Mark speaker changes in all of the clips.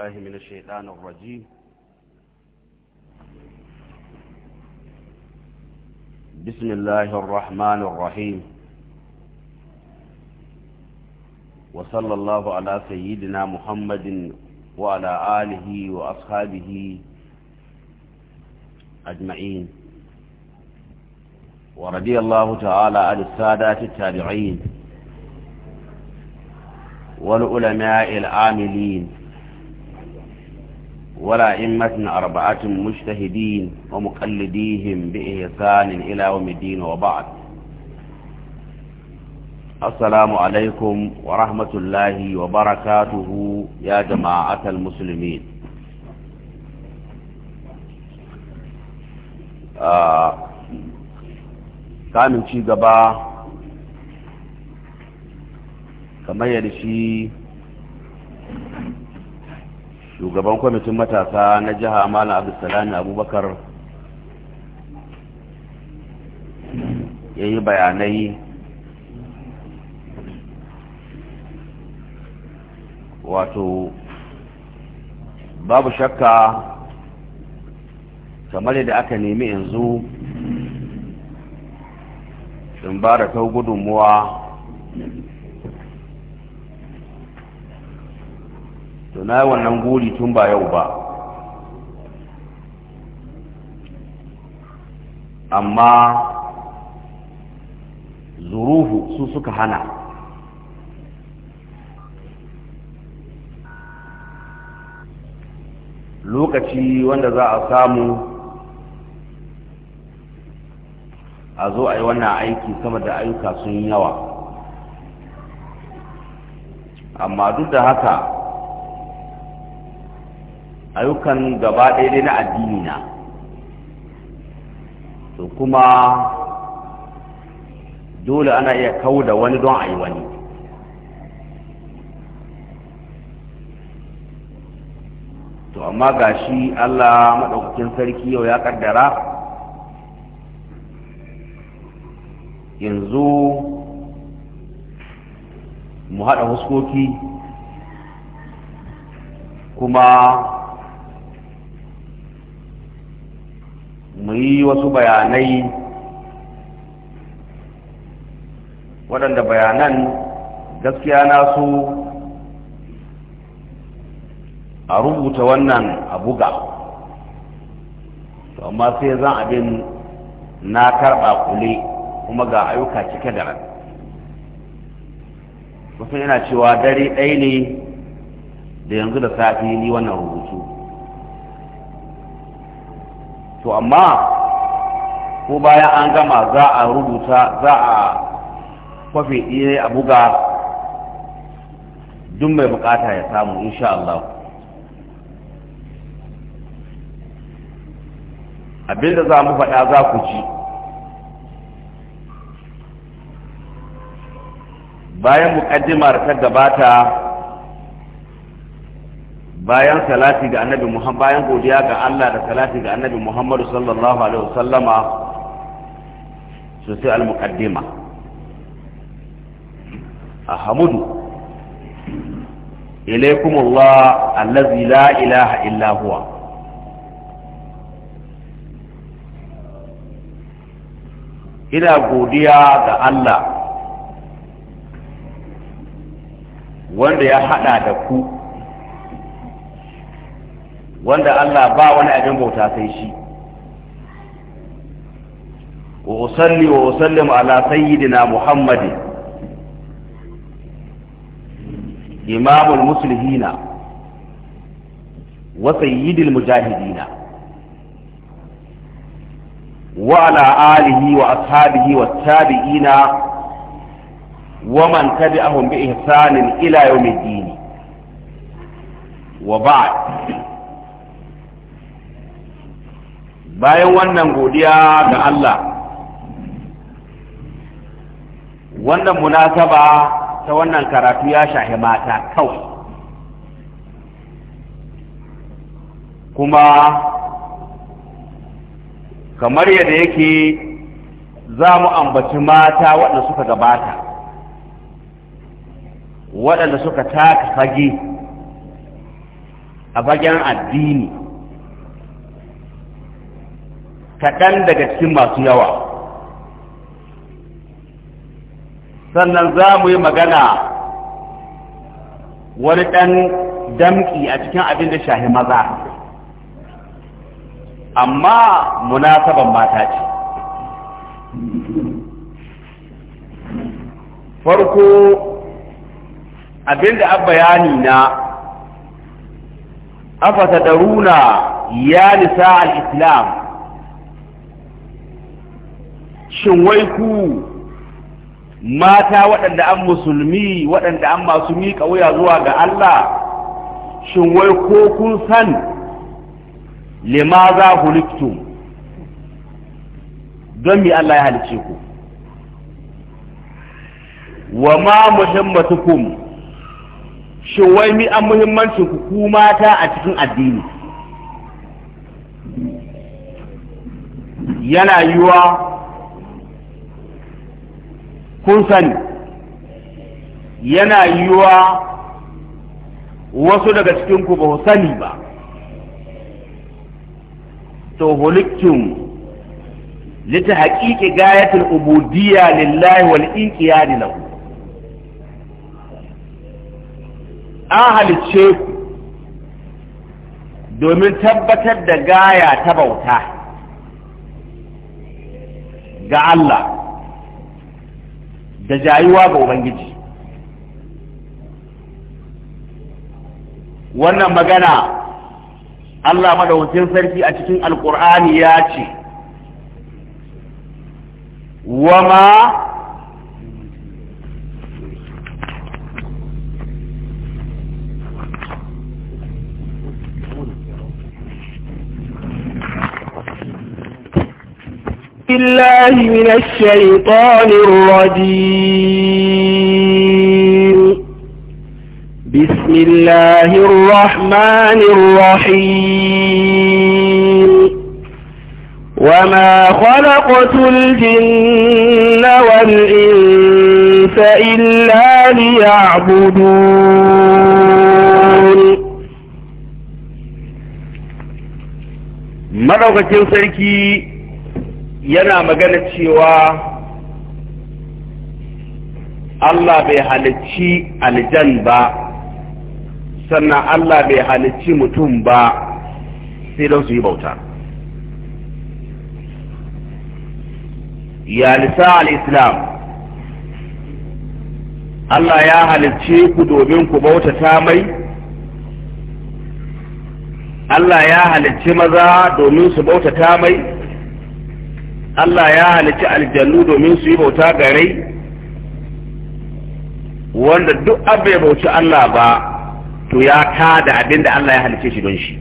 Speaker 1: الله من الشيطان الرجيم
Speaker 2: بسم الله الرحمن الرحيم وصلى الله على سيدنا محمد وعلى آله وأصحابه أجمعين ورضي الله تعالى عن السادات التابعين والعلماء العاملين ولا إمة أربعة مجتهدين ومقلديهم بإحسان إلى يوم الدين وبعد السلام عليكم ورحمة الله وبركاته يا جماعة
Speaker 1: المسلمين kamin ci gaba
Speaker 2: كما yadda شي shugaban kwamitin matasa na jiha malam abdulsalami abubakar ya yi bayanai wato babu shakka kamar da aka nemi yanzu in ba da ta gudunmuwa to na wannan guri tun ba yau ba amma zuruhu su suka hana lokaci wanda za a samu a zo a yi wannan aiki sama da ayyuka sun yawa amma duk da haka ayyukan gaba ɗaya dai na addini na to kuma dole ana iya kawo da wani don a yi wani to amma ga shi allah maɗaukakin sarki yau ya ƙaddara yanzu mu haɗa huskoki kuma yi wasu bayanai waɗanda bayanan gaskiya na su a rubuta wannan a buga amma sai zan abin na karɓa kule kuma ga ayyuka cike da ran kusan yana cewa dare ɗaya ne da yanzu da safe ni wannan rubutu to amma ko bayan an gama za a rubuta za a kwafe iya a buga duk mai bukata ya samu insha Allah abinda za mu faɗa za ku ji bayan muƙaddimar ta gabata bayan salati ga annabi muhammad bayan godiya ga Allah da salati ga annabi Muhammadu sallallahu alaihi wasallama su sai al-muqaddima ahmudu ilaykum Allah allazi la ilaha illa huwa ina godiya ga Allah wanda ya hada da ku wanda Allah ba wani abin bauta sai shi wa usalli wa usallimu ala sayyidina muhammadin imamul muslihina wa sayyidil mujahidina وعلى آله وأصحابه والتابعين ومن تبعهم بإحسان إلى يوم wa وبعد bayan wannan godiya ga Allah wannan munasaba ta wannan karatu ya shahi mata kawai kuma kamar yadda yake za mu ambaci mata waɗanda suka gabata waɗanda suka taka fage a fagen addini kaɗan daga cikin masu yawa sannan za mu yi magana wani ɗan damƙi a cikin abin da shahi maza amma munasaban mata ce farko abin da bayani na afata daruna ya nisa al-islam shin wai ku mata waɗanda an musulmi waɗanda an masu miƙa wuya zuwa ga Allah shin wai ko kun san limaza huliktum don mi Allah ya halice ku wa ma muhimmatukum shin wai mi an muhimmancin ku ku mata a cikin addini yana yiwa kun sani yana yiwa wasu daga cikinku ba ku sani ba
Speaker 3: to huliktum
Speaker 2: lita haƙiƙi gayatul ubudiyya lillahi wal inqiyadi lahu an halicce ku domin tabbatar da gaya ta bauta ga Allah da jayuwa ga ubangiji wannan magana Allah madawacin sarki a cikin Alƙur'ani ya ce wama
Speaker 3: بالله من الشيطان الرجيم بسم الله الرحمن الرحيم وما خلقت الجن والإنس إلا ليعبدون مدوكتين سركي
Speaker 2: yana magana cewa Allah bai halicci aljan ba sannan Allah bai halicci mutum ba sai don su yi bauta ya lisa Al'islam? Allah ya halicce ku domin ku bauta ta mai Allah ya halicci maza domin su bauta ta mai Allah ya halici aljannu domin su yi bauta ga rai wanda duk abu ya bauci Allah ba to ya da abin da Allah ya halice shi don shi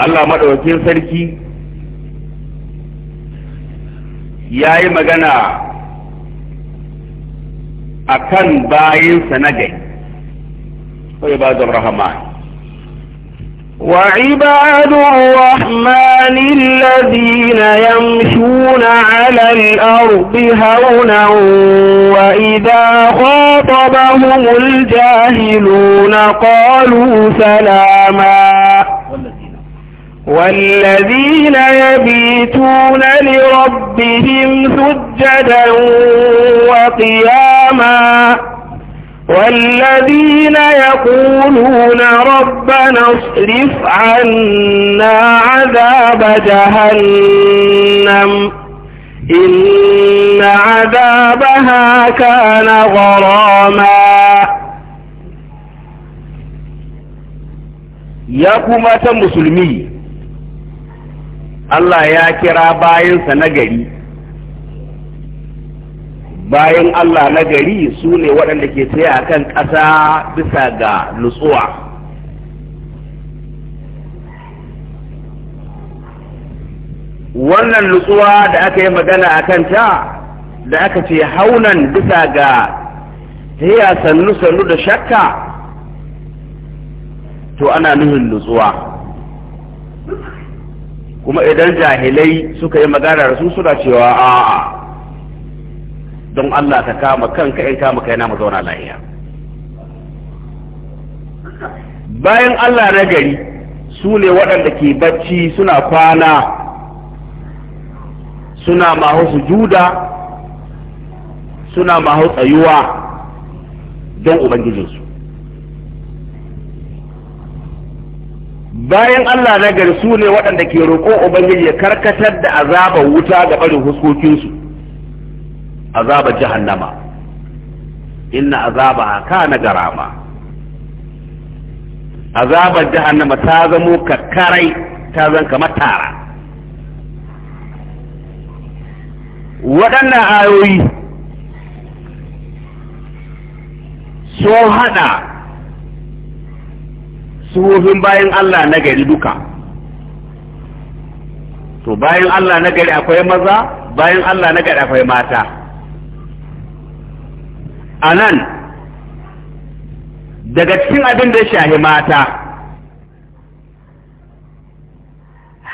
Speaker 2: Allah maɗaukakin sarki ya yi magana a kan bayinsa na gai, ba zan rahama
Speaker 3: وعباد الرحمن الذين يمشون على الأرض هونا وإذا خاطبهم الجاهلون قالوا سلاما والذين يبيتون لربهم سجدا وقياما والذين يقولون ربنا اصرف عنا عذاب جهنم إن عذابها كان غراما ya kuma ta musulmi
Speaker 2: Allah ya kira bayansa bayan Allah na gari su ne waɗanda ke tsaye a kan ƙasa bisa ga nutsuwa wannan nutsuwa da aka yi magana a kanta da aka ce haunan bisa ga tsaye sannu-sannu da shakka to ana nuhin nutsuwa kuma idan jahilai suka yi magana da su suna cewa a'a don Allah ka kama kanka in kama kai na mu zauna lahiya bayan Allah na gari su ne waɗanda ke bacci suna kwana suna mahu sujuda suna mahu tsayuwa don Ubangijinsu bayan Allah na gari su ne waɗanda ke roƙo Ubangiji ya karkatar da azabar wuta ga barin huskokinsu azaba jahannama inna azaba kana garama azabar jahannama ta zamo kakkarai ta zan kamar tara waɗannan ayoyi sun haɗa suhofin bayan Allah na gari duka to bayan Allah na gari akwai maza bayan Allah na gari akwai mata a nan daga cikin abin da ya shahi mata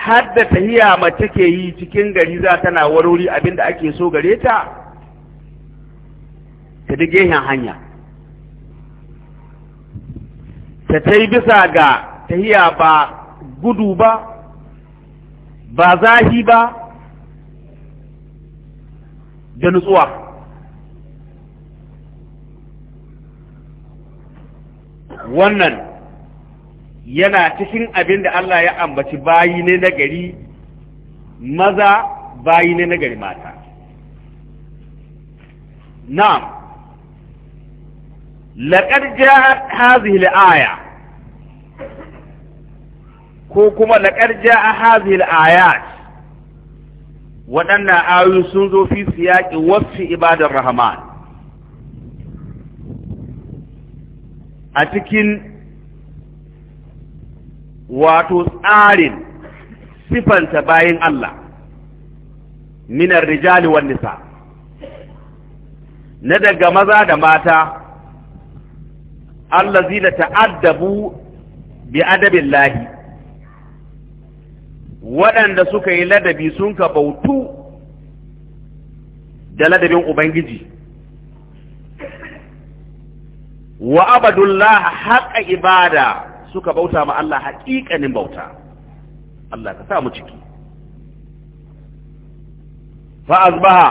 Speaker 2: har da tahiya mace ke yi cikin gari za tana warori abin da ake so gare ta ta duk gehen hanya ta ta yi bisa ga tahiya ba gudu ba ba zahi ba da nutsuwa wannan yana cikin abin da Allah ya ambaci bayi ne na gari maza bayi ne na gari mata na'am laqad ja'at hadhihi al-aya ko kuma laqad ja'a hadhihi al-ayat waɗannan ayoyi sun zo fi siyaƙi wasu ibadar rahman a cikin wato tsarin sifanta bayan Allah minar rijali wan nisa na daga maza da mata allah zina ta'addabu bi adabin lahi waɗanda suka yi ladabi sun ka bautu da ladabin Ubangiji wa abadullah haqa ibada suka bauta ma Allah haƙiƙanin bauta Allah ka sa mu ciki fa azbaha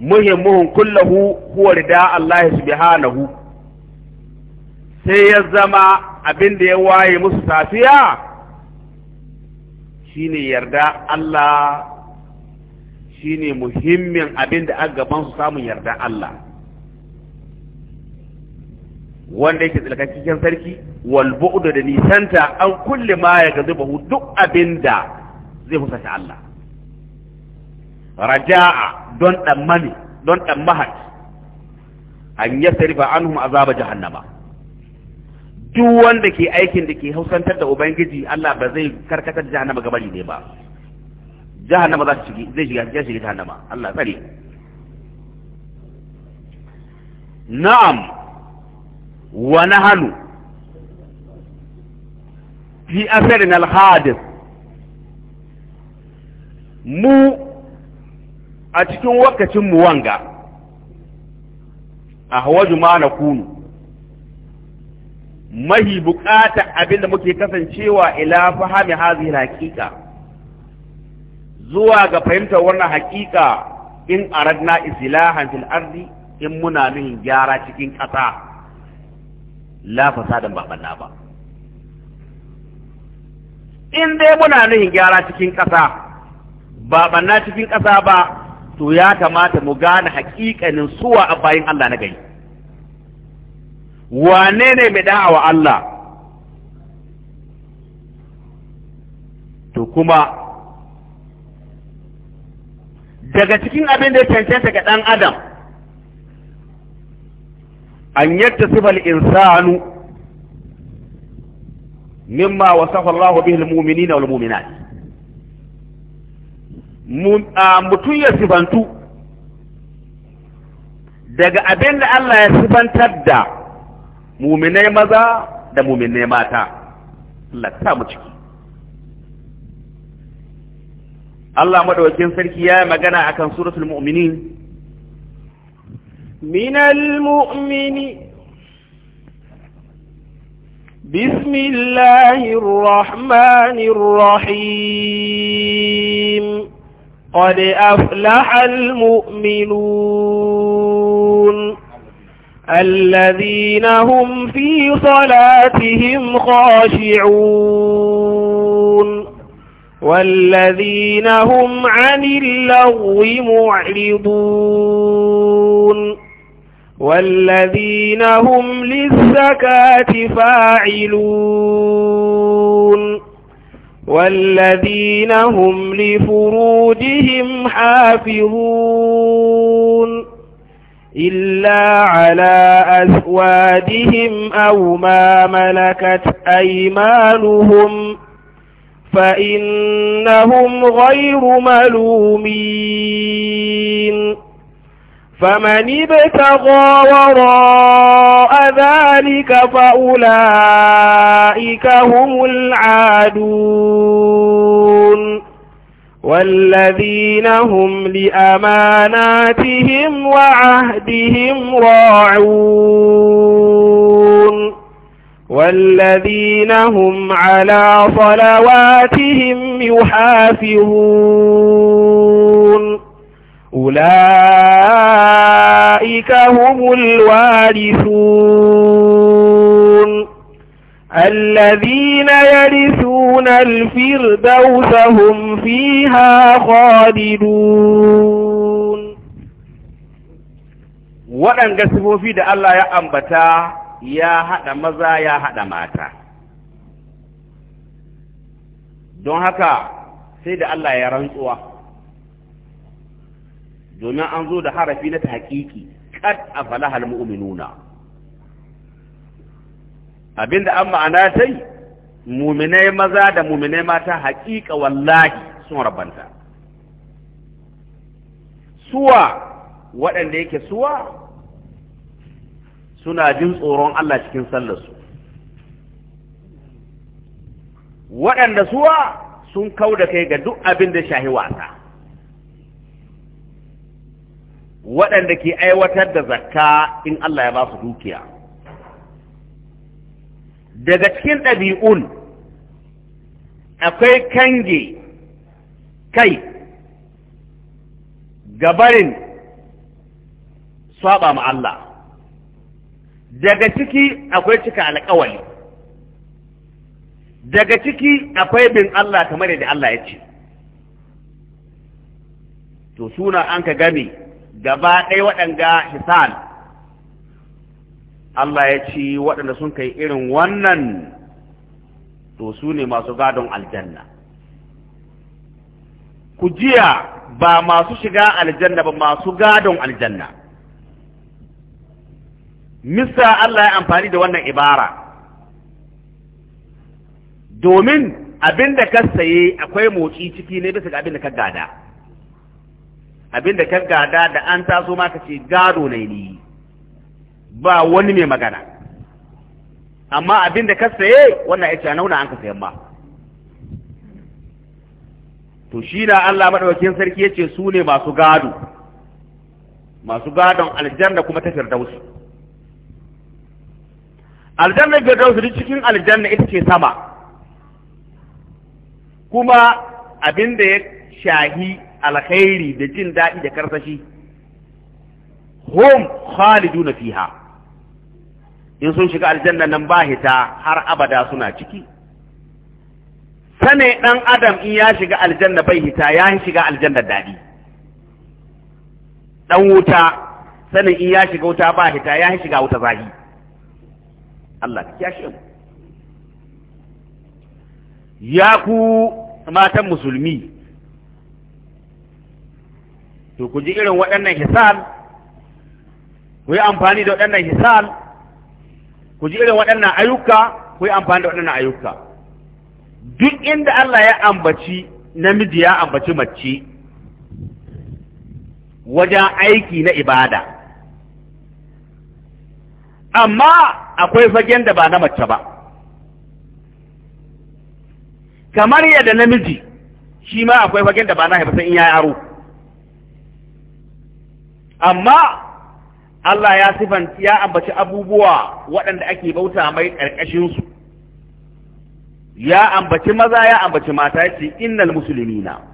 Speaker 2: muhimmuhun kullahu huwa rida Allah subhanahu sai ya zama abin da ya waye musu safiya shine yarda Allah shine muhimmin abin da a gaban su samun yarda Allah wanda yake cikin sarki wal bu'du da nisanta an kulli ma ya hu, duk abinda zai husata Allah raja'a don mani don dammahat an yasrifa anhum azaba jahannama duk wanda ke aikin da ke hausantar da ubangiji Allah ba zai karkatar jahannama bari ne ba jahannama za ta shige zai shiga zai shiga jahannama Allah tsare na'am ونهل في أثرنا asarin mu a cikin wakacin mu wanga a hawa na kunu mahi bukata abinda muke kasancewa ila fahami hazi hakika zuwa ga fahimtar wannan hakika in aradna islahan fil ardi in muna min gyara cikin ƙasa la fasadan babanna ba in dai muna nuhin gyara cikin ƙasa babanna cikin ƙasa ba to ya kamata mu gane haƙiƙanin suwa a bayin Allah na gari wane ne mai da'awa Allah to kuma daga cikin abin da ya cancanta ga ɗan adam an yadda sifal insanu mimma wasafa Allah bihi almu'minina wal mu'minat mutum ya sifantu daga abin da Allah ya sifantar da muminai maza da muminai mata Allah ta mu ciki Allah madaukakin sarki ya yi magana akan suratul
Speaker 3: mu'minin من المؤمن بسم الله الرحمن الرحيم قد أفلح المؤمنون الذين هم في صلاتهم خاشعون والذين هم عن اللغو معرضون والذين هم للزكاة فاعلون والذين هم لفروجهم حافظون إلا على أزواجهم أو ما ملكت أيمانهم فإنهم غير ملومين فمن ابتغى وراء ذلك فأولئك هم العادون والذين هم لأماناتهم وعهدهم راعون والذين هم على صلواتهم يحافظون أولئك هم الوارثون الذين يرثون الفردوس هم فيها خالدون
Speaker 2: وأن قسموا في دعا الله يا أنبتا يا حد مزا يا حد ماتا دون هكا سيد الله يا رنسوه domin an zo da harafi na ƙad a falahar muminuna abinda an ma'ana yi, mu'minai maza da mu'minai mata haƙiƙa wallahi sun rabanta suwa waɗanda yake suwa suna jin tsoron Allah cikin sallarsu waɗanda suwa sun kau da kai ga duk abin da shahi wasa waɗanda ke aiwatar da zakka in Allah ya ba su dukiya daga cikin ɗabi'un akwai kange kai gabarin saba ma Allah daga ciki akwai cika alƙawali daga ciki akwai bin Allah kamar yadda Allah ya ce to suna an ka gami gaba ɗaya waɗanga hisan Allah ya ci waɗanda sun kai irin wannan to su ne masu gadon aljanna ku jiya ba masu shiga aljanna ba masu gadon aljanna misa Allah ya amfani da wannan ibara domin abin da ka saye akwai motsi ciki ne bisa ga abin da ka gada abinda ka gada da an taso ma ka ce gado ne ni ba wani mai magana amma abinda ka saye wannan ya ce nauna an ka sayan ba. to shi na Allah madaukakin sarki ya ce su ne masu gado masu gadon aljanna kuma ta firdausu aljanna firdausu duk cikin aljanna ita ce sama kuma abinda ya shahi alkhairi da jin daɗi da karsashi hum khaliduna fiha in sun shiga aljanna nan ba hita har abada suna ciki sane dan adam in ya shiga aljanna bai hita ya shiga aljanna daɗi dan wuta sanin in ya shiga wuta ba hita ya shiga wuta zahi Allah ya shi ya ku matan musulmi to ku ji irin waɗannan hisal ku yi amfani da waɗannan hisal ku ji irin waɗannan ayyuka ku yi amfani da waɗannan ayyuka duk inda Allah ya ambaci namiji ya ambaci mace wajen aiki na ibada amma akwai fagen da ba na mace ba kamar yadda namiji shi ma akwai fagen da ba na haifasa in ya yaro amma Allah ya ya ambaci abubuwa waɗanda ake bauta mai ƙarƙashin su ya ambaci maza ya ambaci mata
Speaker 3: ce innal muslimina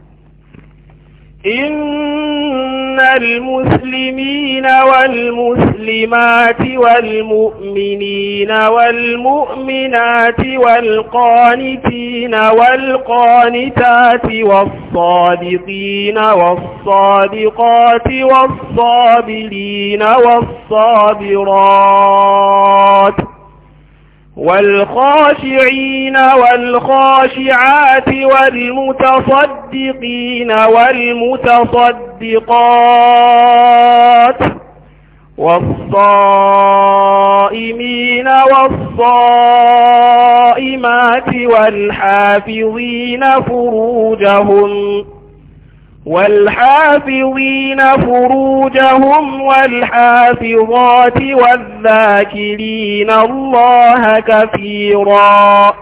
Speaker 3: إن المسلمين والمسلمات والمؤمنين والمؤمنات والقانتين والقانتات والصادقين والصادقات والصابرين والصابرات والخاشعين والخاشعات والمتصدقين والمتصدقات والصائمين والصائمات والحافظين فروجهم والحافظين فروجهم والحافظات والذاكرين الله كثيرا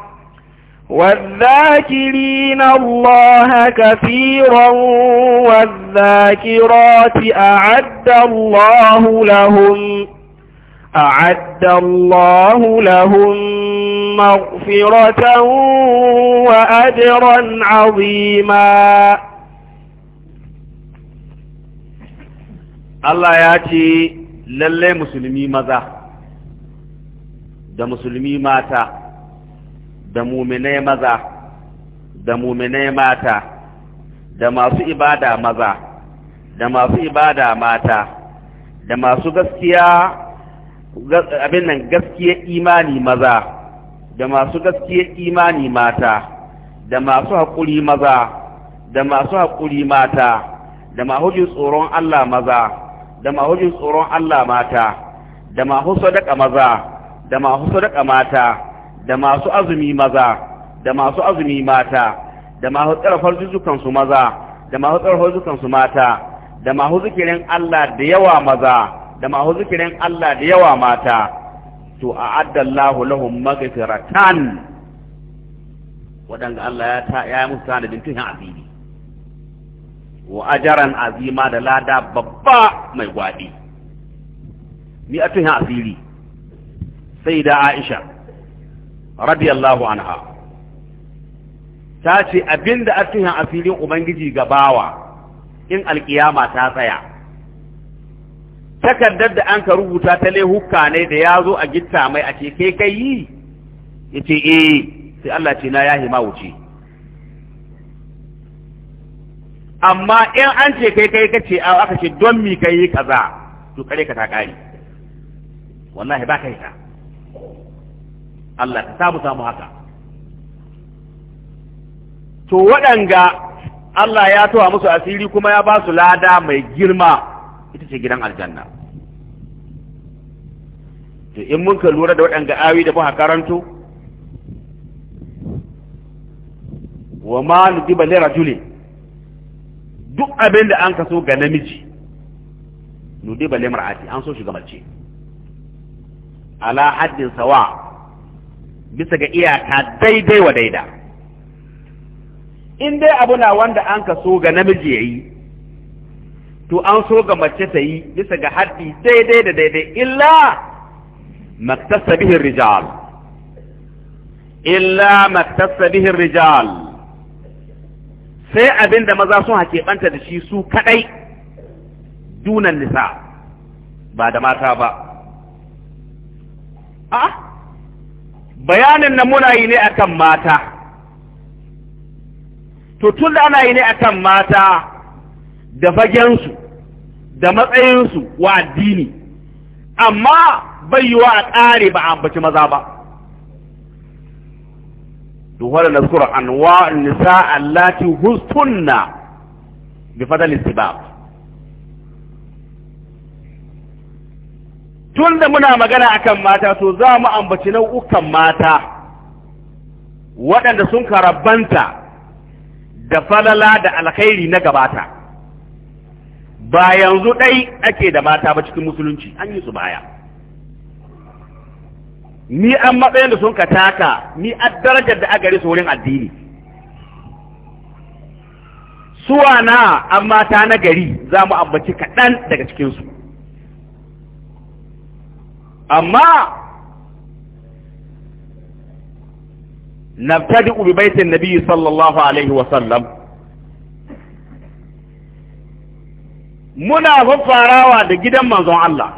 Speaker 3: والذاكرين الله كثيرا والذاكرات أعد الله لهم أعد الله لهم مغفرة وأجرا عظيما
Speaker 2: Allah ya ce lallai musulmi maza da musulmi mata da muminai maza da muminai mata da masu ibada maza da masu ibada mata da masu gaskiya abin nan gaskiya imani maza da masu gaskiya imani mata da masu haƙuri maza da masu haƙuri mata da mahujin tsoron Allah maza da mahujin tsoron Allah mata da mahu sadaka maza da mahu sadaka mata da masu azumi maza da masu azumi mata da mahu tsarafar jujukan su maza da mahu tsarafar jujukan su mata da mahu zikirin Allah da yawa maza da mahu zikirin Allah da yawa mata to a'adda addallahu lahum magfiratan wadanga Allah ya ta ya musu tanadin tun asiri wa ajaran azima da lada babba mai gwadi ni atun asiri sai da Aisha radiyallahu anha ta ce abinda atun asirin ubangiji ga bawa in alkiyama ta tsaya takardar da an ka rubuta ta laihuka ne da ya zo a gitta mai a ce kai kai yi ya ce eh sai Allah ce na yahi ma wuce amma in an ce kai kai kace a aka ce don mi kai kaza to kare ka ta kai wallahi ba kai ta Allah ka samu samu haka to waɗanga Allah ya towa musu asiri kuma ya ba su lada mai girma ita ce gidan aljanna to in mun ka lura da waɗanga awi da ba karanto wa ma nudiba li rajulin duk abin da an kaso ga namiji nudi bale mar'ati an so shi ga mace ala haddin sawa bisa ga iyaka daidai wa daida in dai abu na wanda an kaso ga namiji yayi to an so ga mace ta yi bisa ga haddi daidai da daidai illa maktasa bihin rijal illa maktasa bihin rijal sai abin da maza sun hakeɓanta da shi su kaɗai dunan nisa ba da mata ba a bayanin na muna yi ne akan mata to tun da ana yi ne akan mata da fagensu da matsayinsu wa addini amma bai yiwa a ƙare ba a ambaci maza ba na nazkura anwa nisa allati hustunna bi fadal istibab tunda muna magana akan mata to za mu ambaci nau'ukan mata waɗanda sun karabanta da falala da alkhairi na gabata ba yanzu ɗai ake da mata ba cikin musulunci an yi su baya ni an matsayin da sun ka taka ni a darajar da a gari su wurin addini suwa na an mata na gari za mu ambaci kaɗan daga cikinsu amma nabtadi bi baitin nabi sallallahu alaihi wasallam muna faffarawa da gidan manzon Allah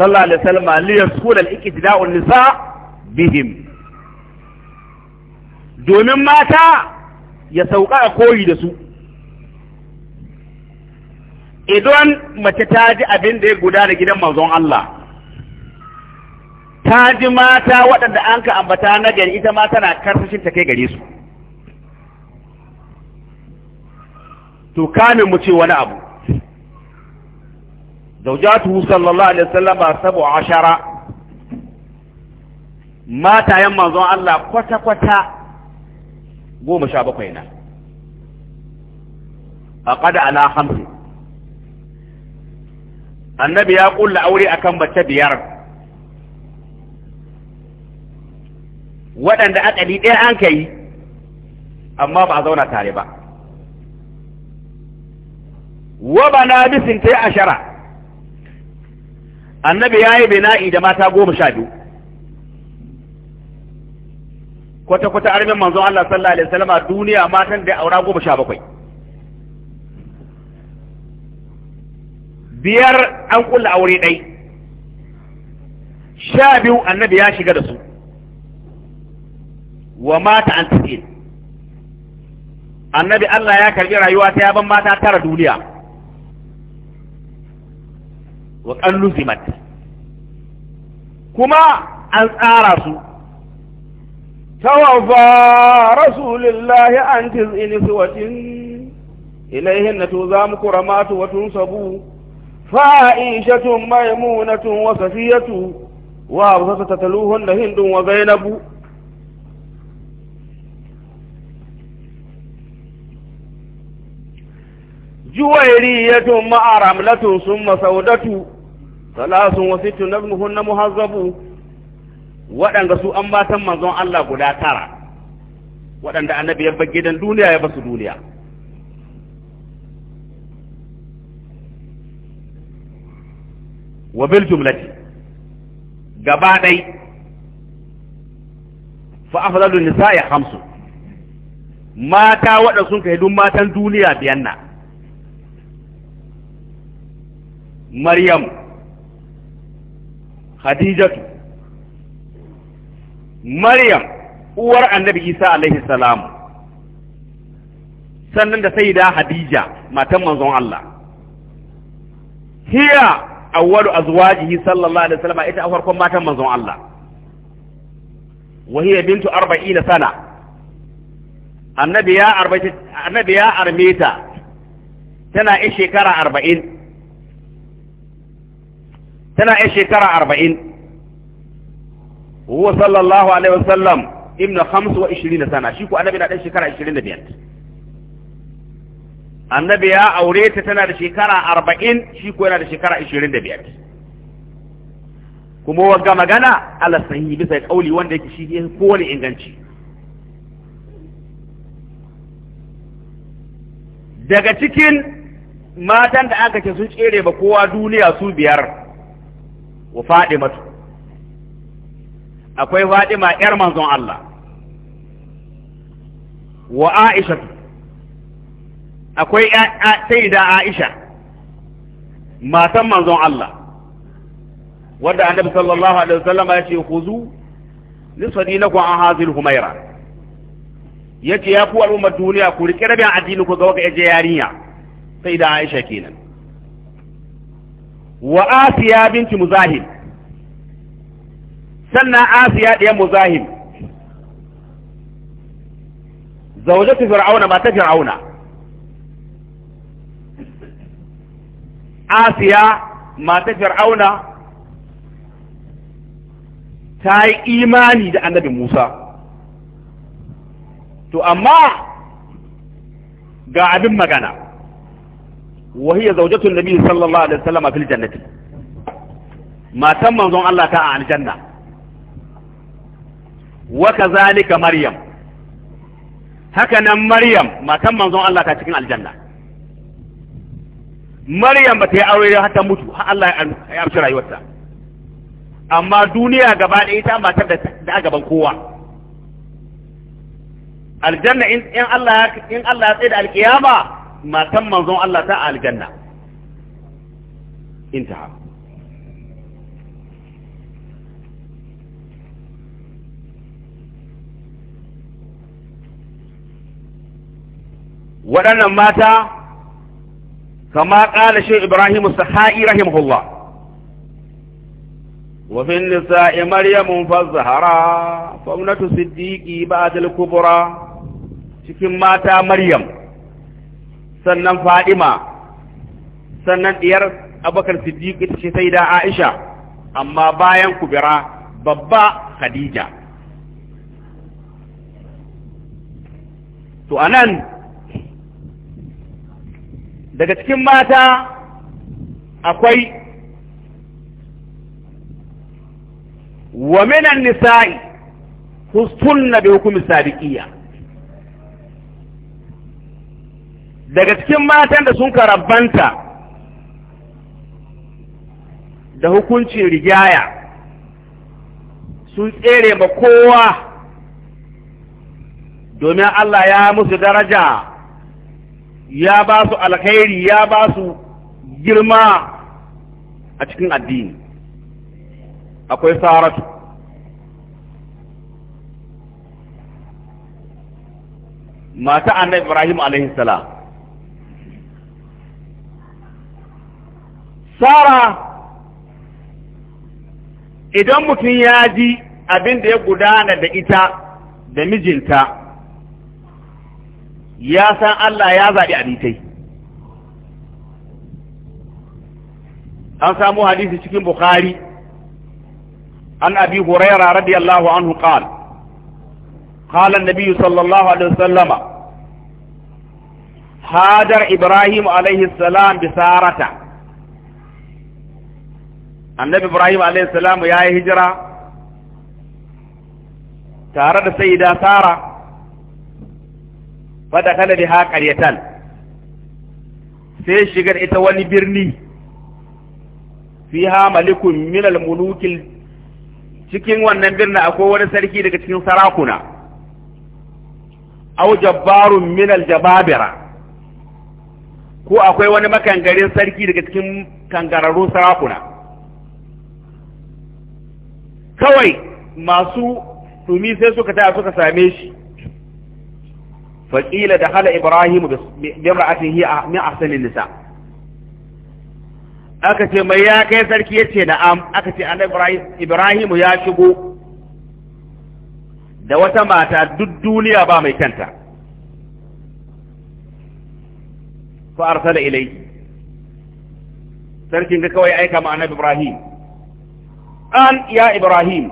Speaker 2: sallallahu alaihi wasallam li yasul al-iqtida'u nisa bihim domin mata ya sauka koyi da su idan mace ta ji abin da ya guda da gidan manzon Allah ta ji mata waɗanda an ka ambata na gari ita ma tana karfashin ta kai gare su to kame mu ce wani abu zaujatuhu sallallahu alaihi wasallama sabu ashara matayen manzon Allah kwata-kwata goma sha bakwai na a ƙada ala hamsin annabi ya ƙulla aure akan mace biyar waɗanda akali ɗaya an ka yi amma ba a zauna tare ba wa bana ashara annabi ya yi bina'i da mata goma sha biyu kwata-kwata armin manzon Allah sallallahu alaihi wasallam a duniya matan da aura goma sha bakwai biyar an kulla aure ɗai sha biyu annabi ya shiga da su wa mata an tafiye annabi Allah ya karbi rayuwa ta yaban mata tara duniya wa kallu
Speaker 3: kuma an tsara su tawaffa rasulillahi an tiz'ini su watin ilaihin na tuza muku ramatu wa sabu fa'ishatun maimunatun wa safiyatu wa abu sasa tataluhun na hindun wa zainabu جويرية مع رملة ثم سودة ثلاث وست na مهذب
Speaker 2: waɗanda su an matan manzon Allah guda tara waɗanda annabi ya bar gidan duniya ya basu duniya wa bil jumlati gaba ɗai fa afdalu nisa'i hamsu mata waɗanda sun kai duk matan duniya biyan nan maryam khadijatu maryam uwar annabi isa alaihi salam sannan da saida hadija matan manzon Allah a awwalu azwajihi sallallahu alaihi wasallam ita farkon matan manzon Allah wa hiya bintu 40 sana annabi ya arbaita annabi armeta tana ai shekara 40 tana yan shekara arba'in huwa sallallahu alaihi wasallam ibn khams wa na sana shi ku annabi na ɗan shekara ishirin da biyar annabi ya aure ta tana da shekara arba'in shi ku yana da shekara ishirin da biyar kuma wagga magana ala sahihi bisa kauli wanda yake shi ne kowane inganci daga cikin matan da aka ce sun tsere ba kowa duniya su biyar wa fadimatu akwai fadima yar manzon Allah wa aisha akwai sai da aisha matan manzon Allah wadda annabi sallallahu alaihi wasallam ya ce khuzu lisfadinakum an hazil humaira yace ya ku al'ummar duniya ku rike rabin addini ku ga waka yaje yarinya sai da Aisha kenan wa asiya binti muzahim sannan asiya ɗaya muzahim zaune zaujatu fir'auna ta fir'auna asiya mata fir'auna ta yi imani da annabi musa to amma ga abin magana وهي زوجة النبي صلى الله عليه وسلم في الجنة ما تم منظوم الله تعالى الجنة وكذلك مريم هكذا مريم ما تم منظوم الله تعالى الجنة Maryam ba yi aure har mutu har Allah ya amshi rayuwarta amma duniya gaba da ita matar da a gaban kowa aljanna in Allah ya tsaye da alkiyama matan manzon Allah ta aljanna intaha waɗannan mata kama ƙala shi Ibrahim Sahai rahimahullah wa fi nisa'i Maryam fa Zahara fa ibnatu Siddiqi ba'd al cikin mata Maryam sannan fa'ima sannan ɗiyar abakar siddiq ita ce sai da aisha amma bayan kubira babba khadija to anan daga cikin mata akwai wa minan nisa'i hustunna bi hukumin sabiqiyya daga cikin matan da sun karabanta da hukuncin rigaya sun tsere ma kowa domin Allah ya musu daraja ya ba su alkhairi ya ba su girma a cikin addini akwai saratu mata annabi Ibrahim alaihi salam sara idan mutum ya ji abin da ya gudana da ita da mijinta ya san Allah ya zaɓi abitai an samu hadisi cikin bukhari an abi huraira radiyallahu anhu qala قال النبي صلى الله عليه وسلم هاجر إبراهيم عليه السلام بسارته annabi ibrahim alaihi ya yi hijira tare da saida sara kada da biha qaryatan sai shigar ita wani birni ha malikun minal mulukin cikin wannan birni akwai wani sarki daga cikin sarakuna au jabbarun minal jababira ko akwai wani makangarin sarki daga cikin kangararrun sarakuna kawai masu tumi sai suka taya suka same shi faƙila da hala ibrahim bi ra'atin hiya min ahsani nisa aka ce mai ya kai sarki yace na'am aka ce annabi ibrahim ya shigo da wata mata duk duniya ba mai kanta fa arsala ilai sarkin ga kawai aika ma annabi ibrahim قال يا إبراهيم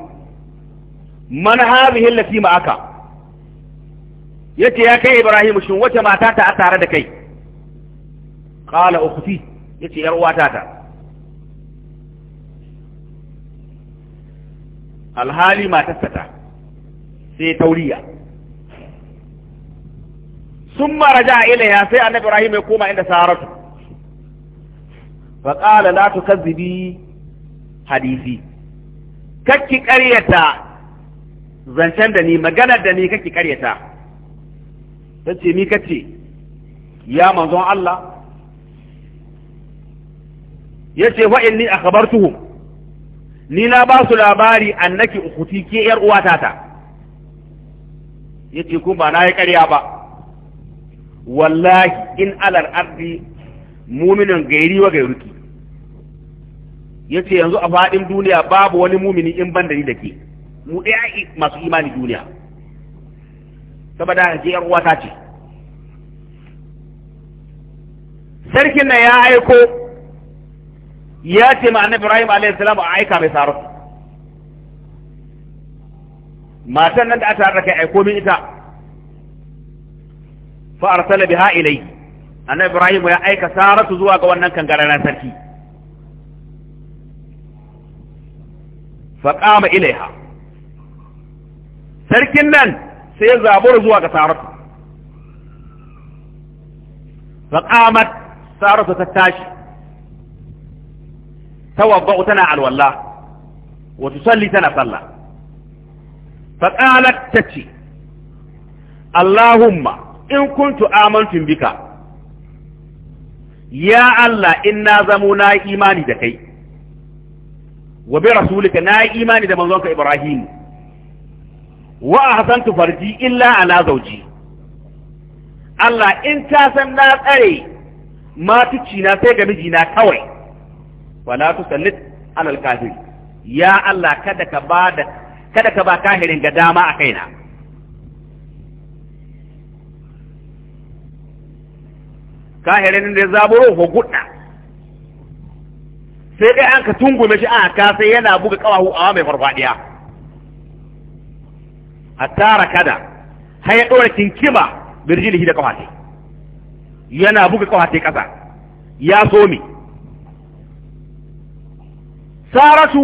Speaker 2: من هذه التي معك يتي يا كي إبراهيم شنو وتي ما تاتا أتاردكي قال أختي يتي يروى تاتا الهالي ما تستتا سي تولية ثم رجع إليها سي أن إبراهيم يقوم عند سارته فقال لا تكذبي حديثي kakki karyata zancen da ni maganar da ni kakki karyata ta ce ni kace ya manzon Allah ya ce wa inni akhbartuhum ni na ba su labari annaki ukuti ke yar uwata ta ce kun ba na yi karya ba wallahi in alar arzi muminin gairi wa gairuki yace yanzu a faɗin duniya babu wani mumini in ban da ni da ke mu ɗaya masu imani duniya saboda haka yar uwa ta ce sarkin nan ya aiko ya ce ma annabi Ibrahim alaihi salam a aika mai sarau matan nan da aka tare kai aiko min ita fa arsala biha ilai annabi Ibrahim ya aika saratu zuwa ga wannan kangararren sarki faƙama ilaiha sarkin nan sai ya zabur zuwa ga saratu faƙamat saratu ta tashi tawabba'u tana alwalla wa tusalli tana sallah faƙalat ta ce Allahumma in kuntu amantu bika ya Allah in na zamo na imani da kai wa bi rasulika na yi imani da manzonka Ibrahim wa ahsantu farji illa ala zawji Allah in ka san na tsare matuci na sai ga mijina kawai wala tusallit ala al-kafir ya Allah kada ka ba da kada ka ba kahirin ga dama a kaina kahirin da zaburo ho gudda sai dai an ka tungume shi a ka sai yana buga kawahu awa mai farfadiya a tara kada har ya ɗora kinkima birjilihi da kawate yana buga kawate ƙasa ya so mi saratu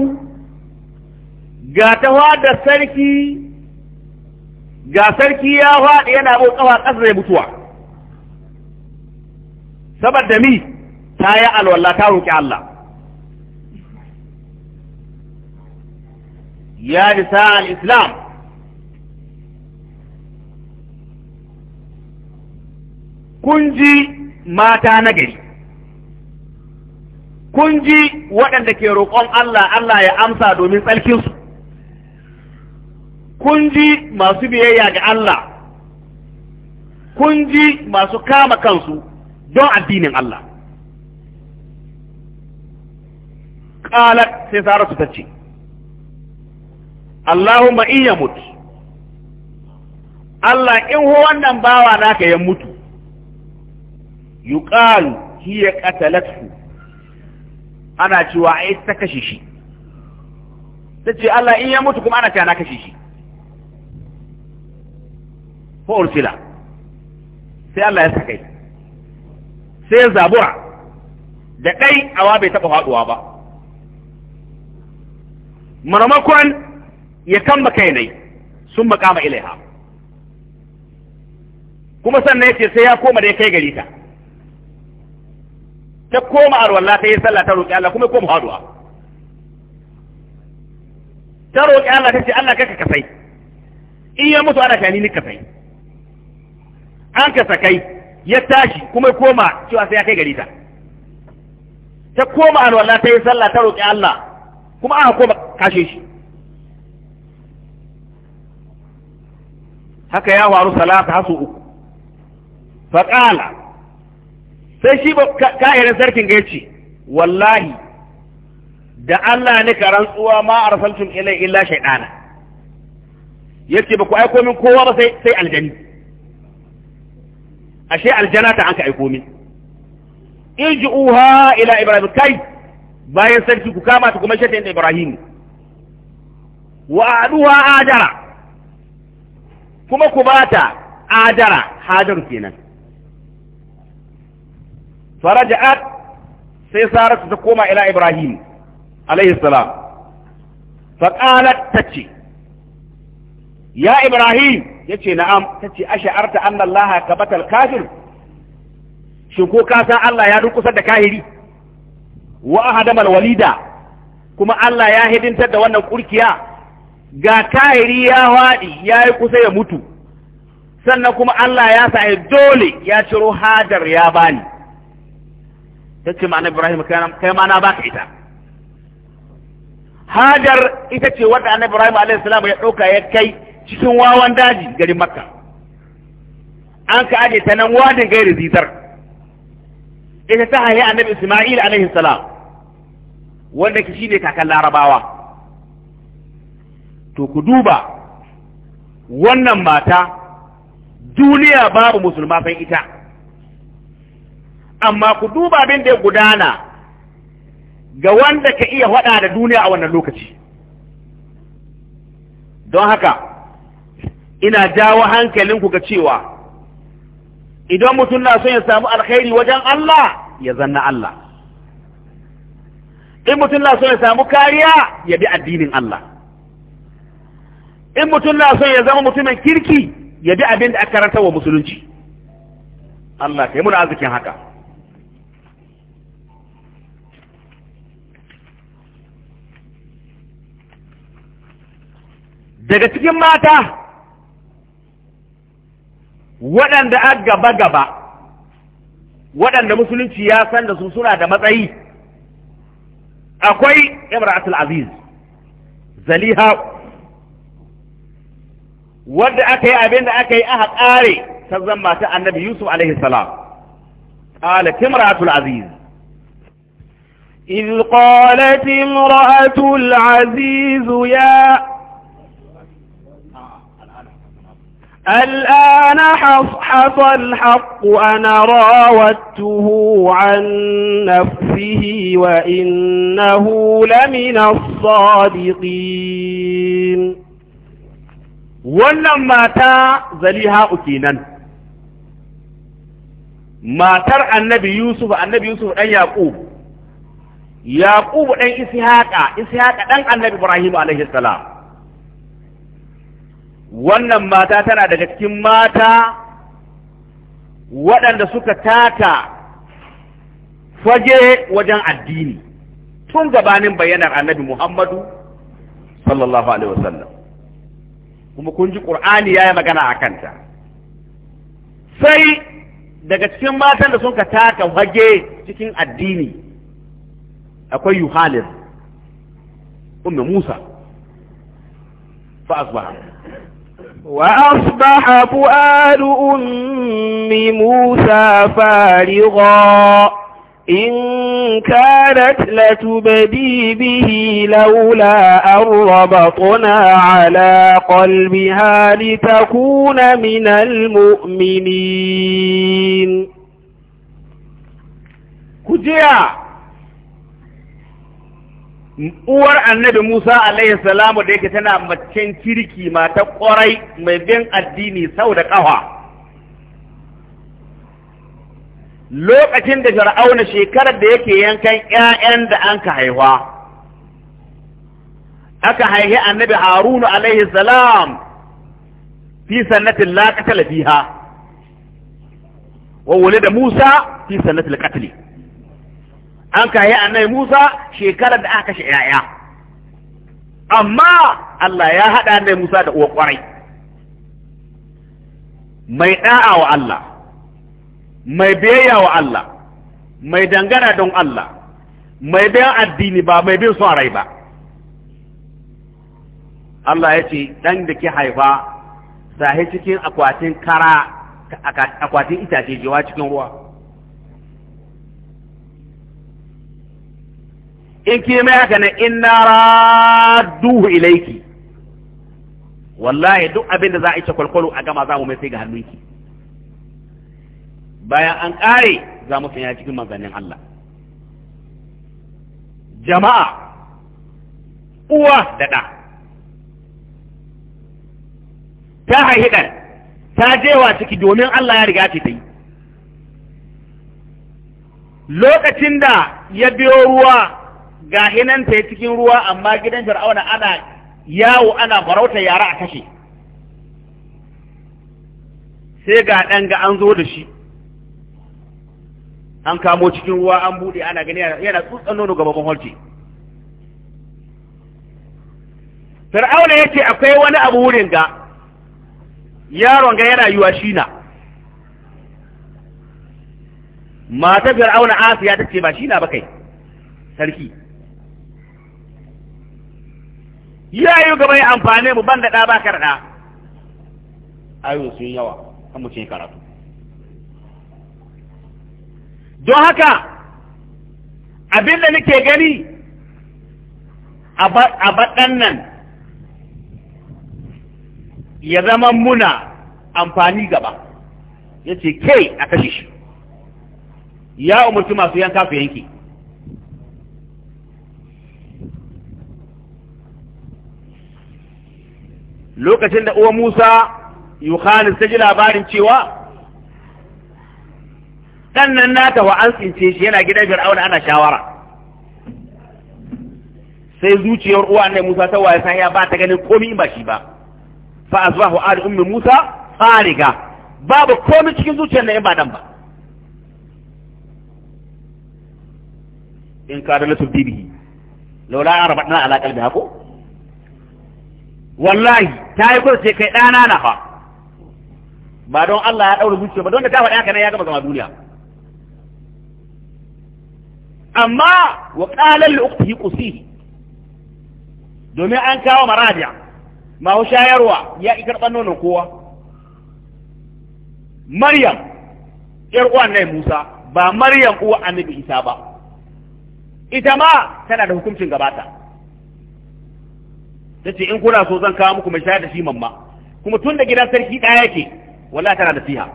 Speaker 2: ga ta da sarki ga sarki ya faɗi yana bu kawa ƙasa zai mutuwa saboda mi ta yi alwala ta roƙi Allah Ya يا نساء الإسلام كنجي ما تانجري kunji waɗanda ke roƙon Allah Allah ya amsa domin tsarkinsu kunji masu biyayya ga Allah kunji masu kama kansu don addinin Allah Ƙala sai saratu ta ce Allahumma in ya mutu Allah in ho wannan bawa naka ya mutu yuqalu hiya qatalathu ana cewa ai ta kashe shi tace Allah in ya mutu kuma ana cewa na kashe shi ko ursila sai Allah ya sakai sai zabura da kai awa bai taba faduwa ba maramakon ya kammaka kai nai sun makama ilaiha kuma sannan ce sai ya koma da ya kai gari ta ta koma arwalla ta yi sallah ta roƙi Allah kuma koma haduwa ta roƙi Allah ta ce Allah kaka kasai in ya mutu ana shani ni kasai an kasa kai ya tashi kuma koma cewa sai ya kai gari ta ta koma arwalla ta yi sallah ta roƙi Allah kuma aka koma kashe shi haka ya waru salasa hasu uku faƙala sai shi ka'irin sarkin ga ce wallahi da Allah ne ka rantsuwa ma arsaltum ilai illa Ya yace ba ku aiko min kowa ba sai sai aljani ashe aljana ta an ka aiko min
Speaker 3: ij'uha
Speaker 2: ila ibrahim kai bayan sarki ku kama ta kuma shata ibrahim wa aduha ajara kuma ku bata adara hadaru kenan faraja'at sai saratu ta koma ila ibrahim alaihi salam faqalat tace ya ibrahim yace na'am tace ash'arta anna allah kabatal kafir shin ko ka san allah ya dukusar da kahiri wa ahadamal walida kuma allah ya hidintar da wannan kurkiya ga tayiri ya waɗi ya yi kusa ya mutu sannan kuma Allah ya sa dole ya ciro hajar ya bani ta ce ma'ana Ibrahim kai ma na baka ita hajar ita ce wadda annabi Ibrahim alaihi ya ɗauka ya kai cikin wawan daji garin Makka an ka aje ta nan wadin gairi zizar ita ta haihi annabi Isma'il alaihi wanda ki ne kakan Larabawa to ku duba wannan mata duniya babu musulma fa ita amma ku duba abin da ya gudana ga wanda ka iya faɗa da duniya a wannan lokaci don haka ina jawo hankalinku ga cewa idan mutum na son ya samu alkhairi wajen Allah ya zanna Allah in mutum na so ya samu kariya ya bi addinin Allah in mutum na son ya zama mutumin kirki ya bi abin da aka karanta wa musulunci Allah ka yi muna arzikin haka daga cikin mata waɗanda a gaba-gaba waɗanda musulunci ya san da su suna da matsayi akwai imratul aziz zaliha wadda aka yi abin da aka yi aka ƙare ta zama ta annabi yusuf alaihi salam قالت امرأة العزيز
Speaker 3: إذ قالت امرأة العزيز يا الآن حصحص الحق أنا راودته عن نفسه وإنه لمن الصادقين wannan mata zaliha'u kenan
Speaker 2: matar annabi yusuf annabi yusuf dan yaqub yaqub dan ishaqa ishaqa dan annabi ibrahim alaihi salam wannan mata tana daga cikin mata waɗanda suka tata faje wajen addini tun gabanin bayyanar annabi Muhammadu sallallahu Alaihi wasallam. kuma kun ji qur'ani yayi magana a kanta sai daga cikin matan da suka taka wage cikin addini akwai yuhalin umma musa
Speaker 3: fa asbaha وأصبح فؤاد أم musa إن كانت لتبدي به لولا أن ربطنا على قلبها لتكون من المؤمنين كجيا
Speaker 2: uwar annabi Musa alaihi salamu da yake tana macen kirki mata ƙwarai mai bin addini sau da ƙafa lokacin da fir'auna shekarar da yake yankan ƴaƴan da an ka haihuwa aka haihi annabi harunu alaihi salam fi sannatin la biha fiha wa wulida musa fi sannatil qatl an ka haihi annabi musa shekarar da aka kashe ƴaƴa amma Allah ya hada annabi musa da uwa kwarai mai da'a wa Allah mai biyayya wa Allah mai dangana don Allah mai biyan addini ba mai bin son rai ba Allah ya ce ɗan da ke haifa sahi cikin akwatin kara akwatin itace jewa cikin ruwa in ki mai haka nan in na duhu ilaiki wallahi duk abin da za a ice kwalkwalo a gama za mu mai sai ga hannunki bayan an ƙare za mu sanya cikin manzannin Allah jama'a uwa da ɗa ta haihi ɗan ta jewa ciki domin Allah ya riga ce ta yi lokacin da ya biyo ruwa ga hinan ta cikin ruwa amma gidan fir'auna ana yawo ana farauta yara a kashe sai ga ɗan ga an zo da shi an kamo cikin ruwa an bude ana gani yana tsutsan nono ga babban holci fir'auna yace akwai wani abu wurin ga yaron ga yana yiwa shina mata fir'auna asiya tace ba na ba kai sarki yayu gaba ya amfane mu banda da ba karda ayo sun yawa kan mu ce karatu don haka abin da nake gani a baɗan nan ya zama muna amfani gaba ya ce kai a kashe shi ya umarci masu yanka su yanki lokacin da uwa musa yohanis ta ji labarin cewa dan nan nata wa an tsince shi yana gidan fir'auna ana shawara sai zuciyar uwa ne Musa ta waye sai ya ba ta ganin komai ba shi ba fa azbahu ali ummi Musa fariga babu komai cikin zuciyar nan ba dan ba in ka da lasu bibihi araba arba'na ala qalbi hako wallahi ta yi kurce kai dana na fa ba don Allah ya daura zuciya ba don da ta fada haka nan ya gama zama duniya amma wa ƙalar lu'uktihi ƙusihi domin an kawo maraja ma shayarwa ya ƙi karɓar nonon kowa maryam ƴar uwan musa ba maryam uwa annabi isa ba ita ma tana da hukuncin gabata ta ce in kuna so zan kawo muku mai shayar da shi mamma kuma tun da gidan sarki ɗaya yake wala tana da siha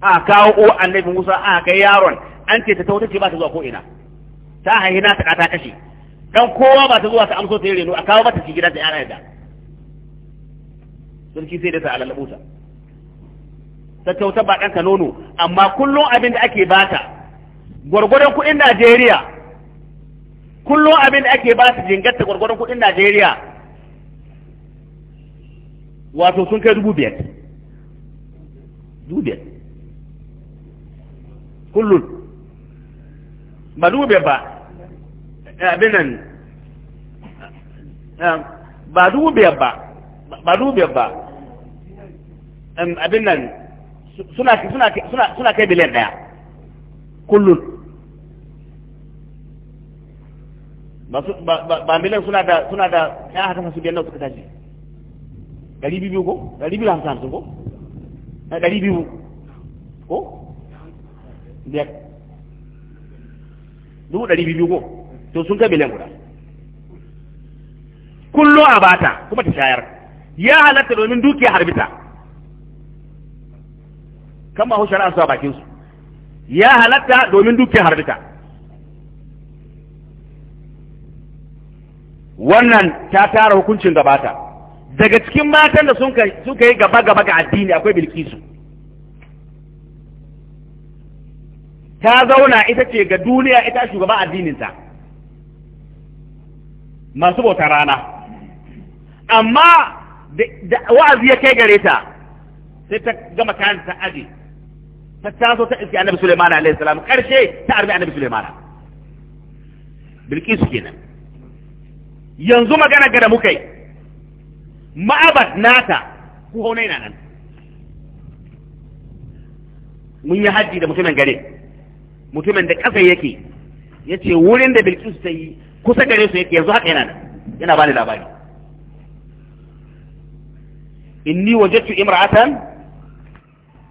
Speaker 2: a kawo uwa annabi musa a kai yaron an ce ta ta wata ce ba ta zuwa ko ina ta na ta ta kashe dan kowa ba ta zuwa ta amso ta yi reno a kawo mata ci gida ta yara yadda sarki sai da ta alalabu ta ta kyauta ba ɗanka nono amma kullum abin da ake bata gwargwadon kuɗin Najeriya kullum abin da ake bata jingatta gwargwadon kuɗin Najeriya wato sun kai dubu biyar dubu biyar kullum ba dube eh, eh, ba abinan ba dube ba ba dube ba abinan suna suna suna suna kai biliyan daya kullun ba ba miliyan suna da suna da ya haka su biyan nawa suka tashi bi biyu ko dari biyu hamsin hamsin ko eh, ɗari biyu ko biyar dubu ɗari biyu ko to sun kai miliyan guda kullo a bata kuma ta shayar ya halatta domin dukiya harbita kan ba shari'a su a bakin su ya halatta domin dukiya harbita wannan ta tara hukuncin gabata daga cikin matan da sun kai gaba gaba ga addini akwai bilkisu ta zauna ita ce ga duniya ita shugaba addininta masu bauta rana amma da wa'azi ya kai gare ta sai ta gama kayan ta aji ta taso ta iske annabi Sulaiman alaihi salam karshe ta arbi annabi Sulaiman Bilkisu kenan yanzu magana ga da muka yi ma'abad nata ku haunai na nan mun yi haji da mutumin gare mutumin da ƙasa yake ya ce wurin da bilkisu ta yi kusa gare su yake yanzu haka yana yana bani labari
Speaker 3: inni wajattu imra'atan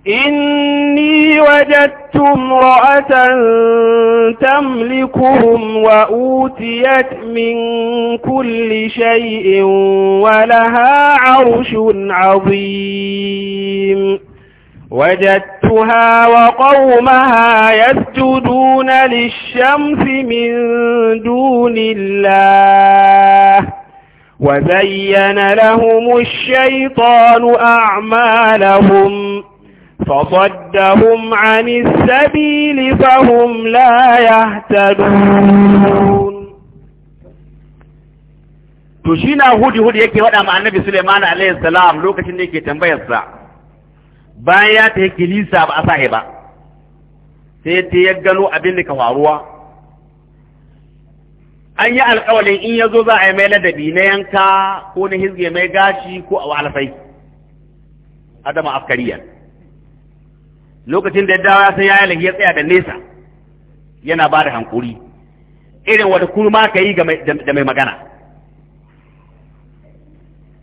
Speaker 3: inni wajattu imra'atan tamlikuhum wa utiyat min kulli shay'in wa laha 'arshun 'azim وجدتها وقومها يسجدون للشمس من دون الله وزين لهم الشيطان أعمالهم فصدهم عن السبيل فهم لا يهتدون to shi na hudi
Speaker 2: hudi yake faɗa ma annabi Suleiman alaihi salam lokacin da yake tambayar sa bayan ya tafi kilisa ba a sahi ba sai ta ya gano abin da ka faruwa an yi alkawalin in ya zo za a yi mai ladabi na yanka ko na hizge mai gashi ko a wahalfai adama afkariyar lokacin da dawa ya ya yi lahiya tsaya da nesa yana ba da hankuri irin wata kurma ka yi da mai magana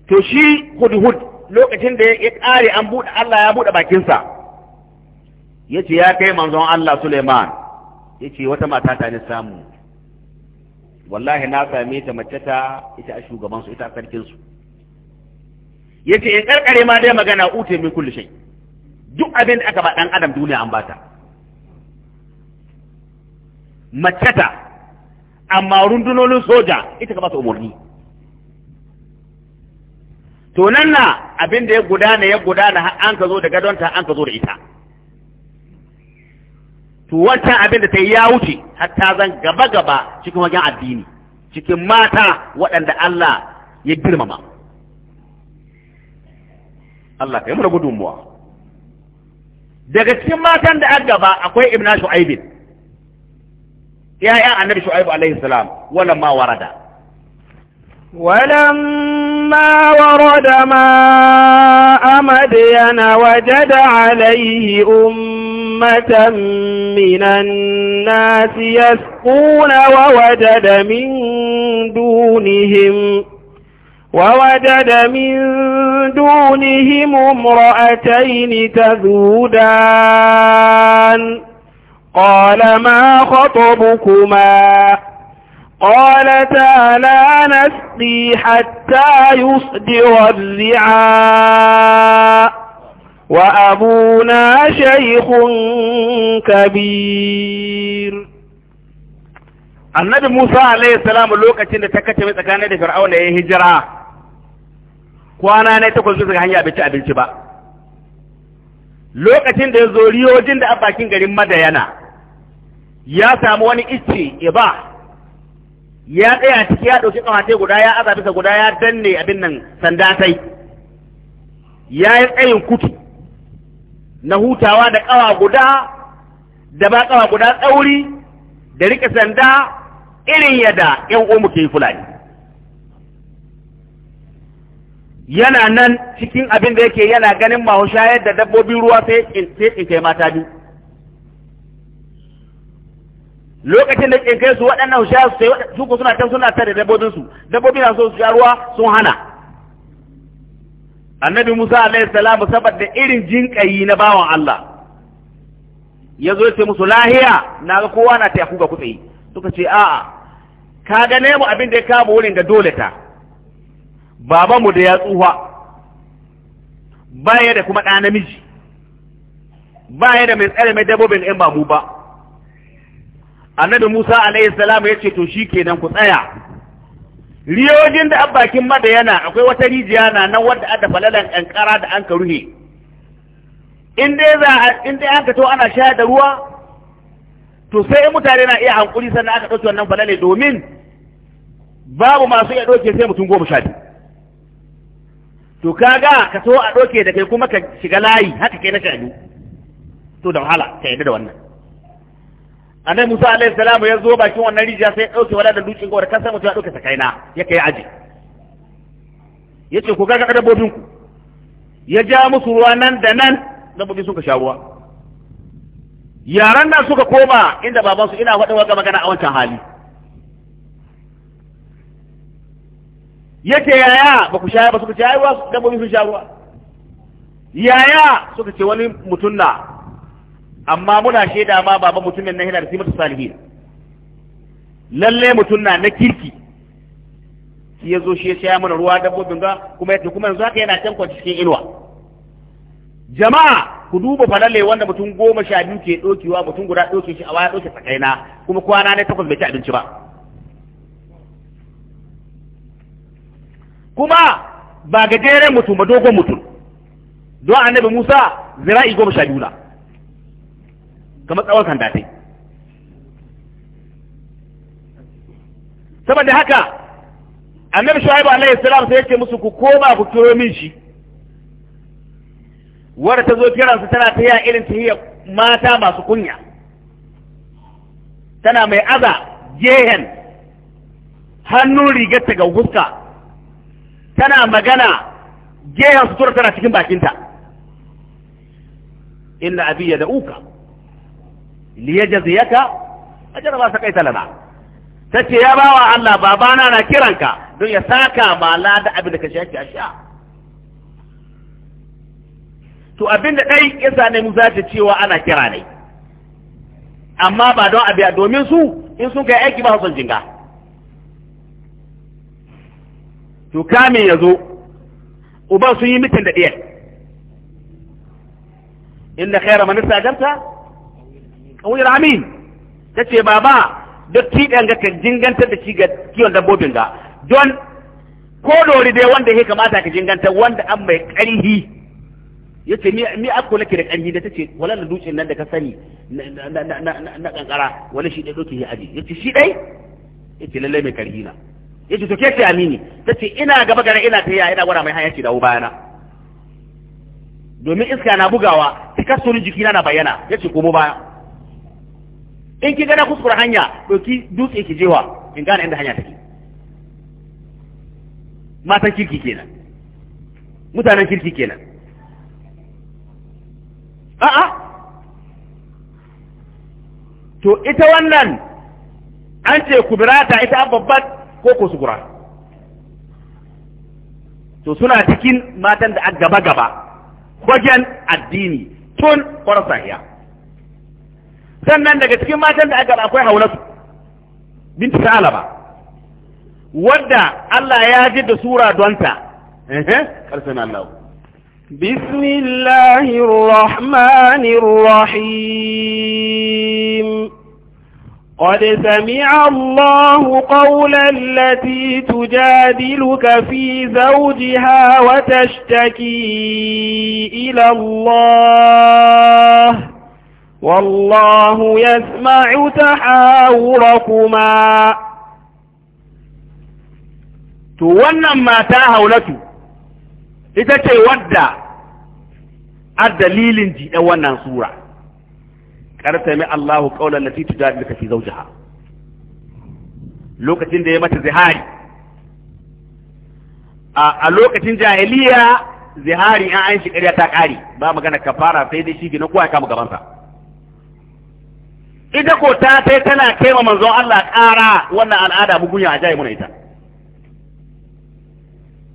Speaker 2: to shi hudhud lokacin da ya ƙare an buɗe Allah ya buɗe bakinsa ya ce ya kai manzon Allah Suleiman ya ce wata mata ta ni samu wallahi na same ta mace ta ita a shugabansu ita a sarkinsu ya ce in ƙarƙare ma dai magana ute min kulli shai duk abin da aka ba ɗan adam duniya an bata mace ta amma rundunonin soja ita ka ba su umarni to nan na abin da ya gudana ya gudana an ka zo da gadonta an ka zo da ita to wancan abin da ta yi ya wuce har ta zan gaba gaba cikin wajen addini cikin mata waɗanda Allah ya girmama Allah ka yi mana gudunmuwa daga cikin matan da aka gaba akwai ibna shu'aibin ya'yan annabi shu'aibu alaihi salam wannan ma warada
Speaker 3: ولما فلما ورد ماء مدين وجد عليه أمة من الناس يسقون ووجد من دونهم ووجد من دونهم امرأتين تذودان قال ما خطبكما قال تعالى نسقي حتى يصدر الرعاء وأبونا شيخ كبير
Speaker 2: annabi Musa عليه
Speaker 3: salamu lokacin
Speaker 2: da ta kace tsakanin da Fir'auna ya hijira kwana ne takwas bisa hanya bai ci abinci ba lokacin da ya zo riyojin da a bakin garin Madayana ya sami wani icce iba ya tsaya ciki ya ɗauki ƙawatai guda ya aza bisa guda ya danne abin nan sanda sai ya yi tsayin kutu na hutawa da ƙawa guda da ba ƙawa guda tsauri da riƙe sanda irin yadda ‘yan omu ke yi fulani yana nan cikin abin da yake yana ganin mahusha shayar da dabbobin ruwa sai in kai mata biyu lokacin da ke kai su waɗannan su sai su ku suna can suna tare dabbobin su dabbobi na so su sha ruwa sun hana annabi Musa alaihi salam saboda irin jinkayi na bawan Allah ya zo ce musu lahiya na ga kowa na taya kuga kutse suka ce a'a ka ga mu abin da ya kama wurin da dole ta babanmu da ya tsuha baya da kuma ɗa namiji baya da mai tsare mai dabbobin ɗan ba mu ba annabi Musa alaihi salam ya ce to shikenan ku tsaya riyojin da abbakin yana akwai wata rijiya na nan wadda aka falalan kankara da an ka ruhe in dai za in dai to ana shayar da ruwa to sai mutane na iya hankuri sannan aka ɗauki wannan falale domin babu masu iya ɗauke sai mutum goma sha biyu to kaga ka so a ɗauke da kai kuma ka shiga layi haka kai na sha to da wahala ka yadda da wannan annabi Musa alayhi salamu ya zo bakin wannan rijiya sai ya dauke wala da dutsen gawar kan sai mutum ya dauke sakaina ya kai aji yace ku ga ga dabbobin ku ya ja musu ruwa nan da nan dabbobi suka sha ruwa yaran da suka koma inda baban su ina faɗin wa magana a wancan hali yake yaya ba ku shaya ba suka ce ai ruwa dabbobi sun sha ruwa yaya suka ce wani mutum na amma muna shaida ma baba mutumin nan yana da simatu salihin lalle mutum na na kirki shi ya zo shi ya saya mana ruwa dabbobin ga kuma yadda kuma yanzu haka yana can kwanci cikin inuwa jama'a ku duba falalle wanda mutum goma sha biyu ke dokewa mutum guda doke shi a waya doke tsakaina kuma kwana ne takwas bai ci abinci ba kuma ba gajeren mutum ba dogon mutum don annabi musa zira'i goma sha biyu na kamar tsawon kan saboda haka annabi shu'aibu alaihi salam sai yake musu ku koma ku kiro min shi wadda ta zo kiransa tana ta yi irin ta mata masu kunya tana mai aza gehen hannun rigarta ga huska tana magana gehen sutura tana cikin bakinta inna abi da uka. liyajziyaka ajra ma sakaita lana tace ya bawa Allah babana na kiranka don ya saka ma lada abin da ka shaki a sha to abin da dai yasa ne mu ta cewa ana kira ne amma ba don abiya domin su in sun kai aiki ba su son jinga to kame ya zo uban sun yi mitin da ɗiyar inda khaira man istajarta kawai ramin ta ce baba duk tiɗan ga ka jingantar da shi ga kiwon dabbobin ga don ko dori dai wanda ya kamata ka jinganta wanda an mai ƙarhi ya ce mi a kula ke da ƙarhi da ta ce wala da dutsen nan da ka sani na ƙanƙara wani shi ɗai ɗauke ya aji ya ce shi ɗai ya ce lallai mai ƙarhi na ya ce to ke ce amini ta ce ina gaba gara ina ta yaya ina gwada mai hanyar ce dawo bayana domin iska na bugawa tikassorin jikina na bayyana ya ce komo baya in ki gana kuskura hanya ki dutse ki jewa in gane inda hanya take matan kirki kenan mutanen kirki kenan a'a to ita wannan an ce kubirata ita babbar ko ko sugura to suna cikin matan da a gaba gaba wajen addini tun ƙwarsa sannan daga cikin matan da aka akwai haulatu binti sa'alaba wadda Allah ya ji da sura donta
Speaker 3: ƙarshen Allah بسم الله الرحمن الرحيم قد سمع الله قول التي تجادلك في زوجها وتشتكي إلى الله والله يسمع تحاوركما to wannan mata
Speaker 2: haulatu ita ce wadda a dalilin jiɗan wannan sura ƙartami Allahu ƙaunar lati tujadilka fi zawjiha lokacin da ya mata zihari a lokacin jahiliya zihari an an shi ƙarya ta ƙari, ba magana kafara sai dai shi gina kowa ya kama gabansa ita ko ta sai tana kai wa manzon Allah ƙara wannan al'ada bugunya a jayi muna ita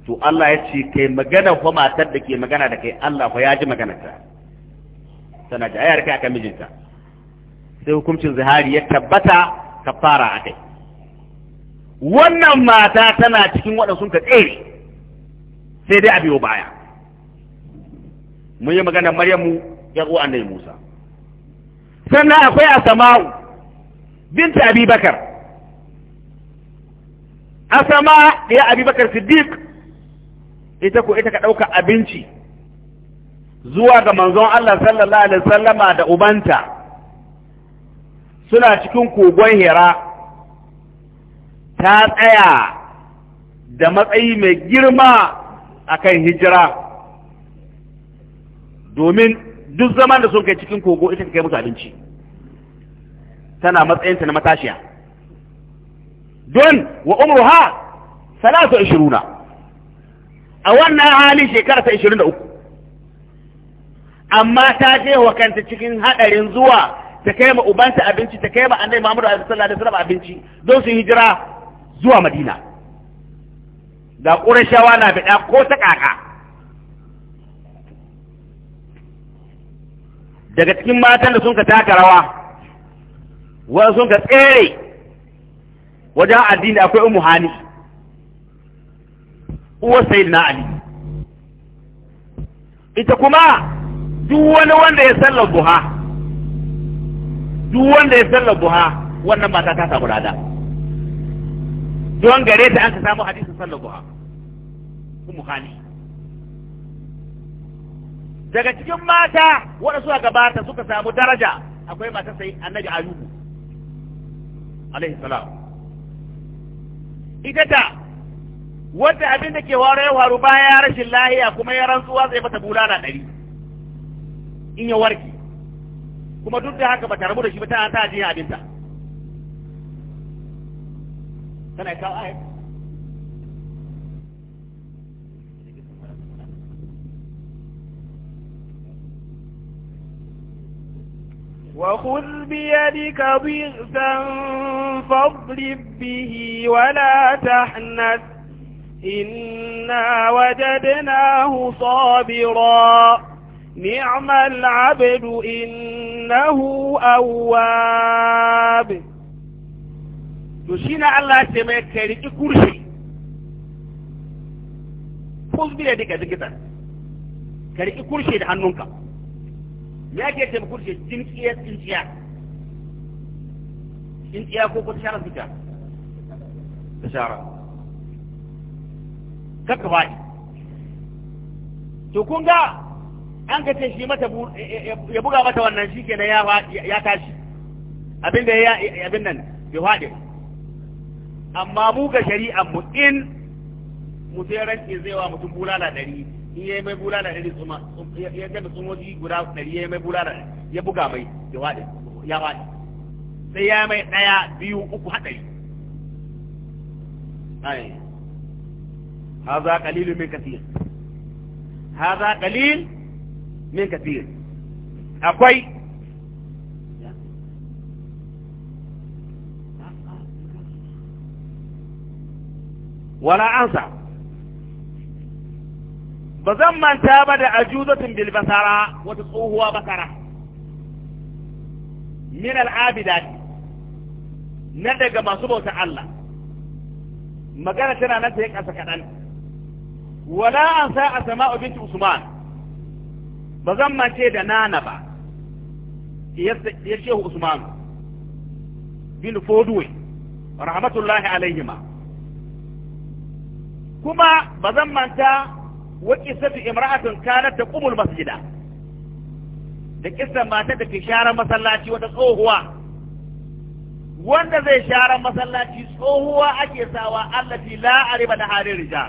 Speaker 2: to Allah ya ce kai magana fa matar da ke magana da kai Allah fa ya ji maganarta tana ji ayar kai akan mijinta sai hukuncin zihari ya tabbata kafara akai wannan mata tana cikin waɗanda sun ka tsere sai dai a biyo baya mun yi maganar Maryamu ya uwa annabi Musa sannan akwai asama'u binta Abibakar, asama ya Abibakar Sidiq, siddiq ita ko ita ka ɗauka abinci zuwa ga manzon Allah sallallahu alaihi wasallama da ubanta suna cikin kogon hira ta tsaya da matsayi mai girma akan hijira domin duk zaman da sun kai cikin kogo ita kai musu abinci tana matsayinta na matashiya don wa umruha salatu ishiruna a wannan hali shekara ta ishirin da uku amma ta je wa kanta cikin haɗarin zuwa ta kai ma ubanta abinci ta kai ma annabi Muhammadu sallallahu alaihi wasallam abinci don su hijira zuwa Madina da Qurayshawa na bida ko ta kaka daga cikin matan da sun ka taka rawa wani sun ka tsere wajen addini akwai umu hani uwar sayid na ali ita kuma duk wani wanda ya sallar buha duk wanda ya sallar buha wannan mata ta samu rada don gare ta an ka samu hadisin sallar buha umu hani daga cikin mata waɗanda suka gabata suka samu daraja akwai mata sai annabi ayubu alaihi salam ita ta wadda abin da ke waro ya waro baya rashin lahiya kuma ya rantsuwa zai mata bulala ɗari in ya warke kuma duk da haka bata rabu da shi ba ta ta ajiye abinta kana kawo ayat
Speaker 3: وخذ بيدك ضغثا فاضرب به ولا تحنث إنا وجدناه صابرا نعم العبد إنه أواب نسينا الله السماء لك كل شيء
Speaker 2: خذ بيدك ضغثا كل شيء لحنونك ya ke taimako shi jinkiya tsinciya tsinciya ko ko tashara fita shara kakka ba to kun ga an ka ce shi mata ya buga mata wannan shi kenan ya ya tashi abin da ya abin nan ya faɗi amma mu ga shari'a mu in mu sai ranke zai wa mutum bulala ɗari in yayi mai bulala ɗari tsuma ya ga da tsumoji guda ɗari yayi mai bulala ya buga mai ya waɗe ya waɗe sai ya mai ɗaya biyu uku haɗari ai haza qalilu min kathir haza qalil min kathir akwai wala ansa ba zan manta ba da ajuzatun bil basara wata tsohuwa basara min al'abida na daga masu bauta Allah magana tana nan ta yi ƙasa kaɗan wala an sa a sama'u binti usman ba zan mace da nana ba ya ce usman
Speaker 3: bin foduwe
Speaker 2: rahmatullahi alaihima kuma ba zan manta wa qissatu imra'atin kanat taqumul masjida da kissan mata da ke sharar masallaci wata tsohuwa wanda zai sharar masallaci tsohuwa ake sawa allati la ariba da halin rija,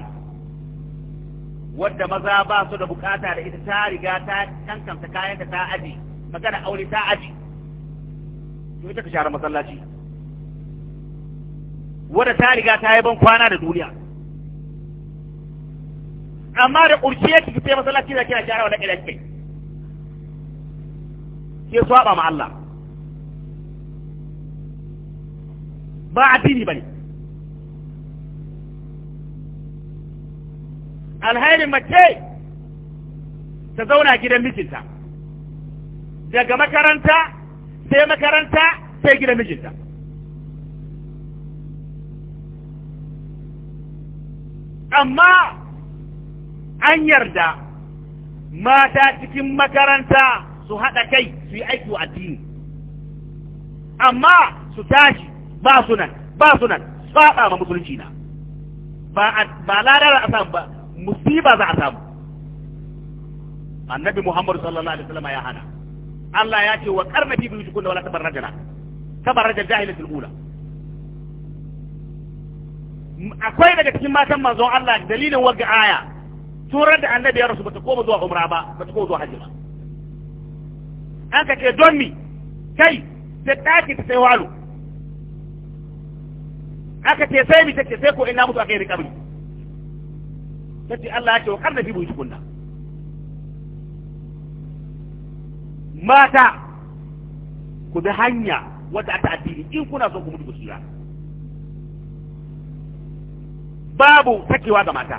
Speaker 2: wadda maza ba su da bukata da ita ta riga ta kankanta kayan da ta aji magana aure ta aji to ita ka sharar masallaci wadda ta riga ta yi ban kwana da duniya amma da ƙurci ya kike masallaci da kira shara wannan daga kai ke saba ma Allah ba addini bane alhairin mace ta zauna gidan mijinta daga makaranta sai makaranta sai gidan mijinta amma an yarda mata cikin makaranta su haɗa kai su yi aiki wa addini amma su tashi ba su nan ba su nan saba ma musulunci na ba ladar a samu ba musiba za a samu annabi muhammadu sallallahu alaihi wasallam ya hana Allah ya ce wa karna fi biyu cikin da wala tabarrajana tabarrajar jahilatul ula akwai daga cikin matan manzon Allah dalilin wagga aya turar da annabi ya rasu bata koma zuwa umra ba bata koma zuwa hajji ba an ka ce don mi kai ta ɗaki ta sai walo aka ce sai mi take sai ko ina mutu aka yi rikabri tace Allah ya ce wa karna fi buyi kunna mata ku bi hanya wadda ta addini in kuna son ku mutu ku tsira babu sakewa ga mata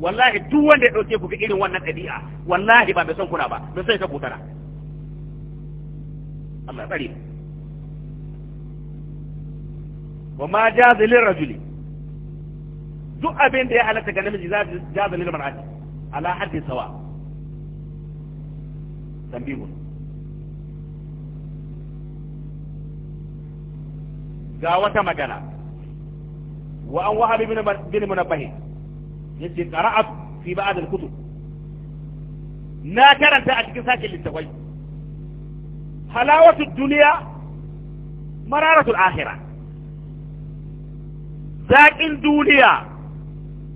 Speaker 2: wallahi duk wanda ya dauke ku ga irin wannan ɗabi'a wallahi ba bai son kuna ba bai son ka kutara Allah ya tsare wa ma jaza lil rajuli duk abin da ya halatta ga namiji za jaza lil mar'ati ala haddi sawa tambihun ga wata magana wa an wahab ibn bin munabbih يجي قرأت في بعض الكتب نا كرنت أشكي ساكن للتوي حلاوة الدنيا مرارة الآخرة ذاك الدنيا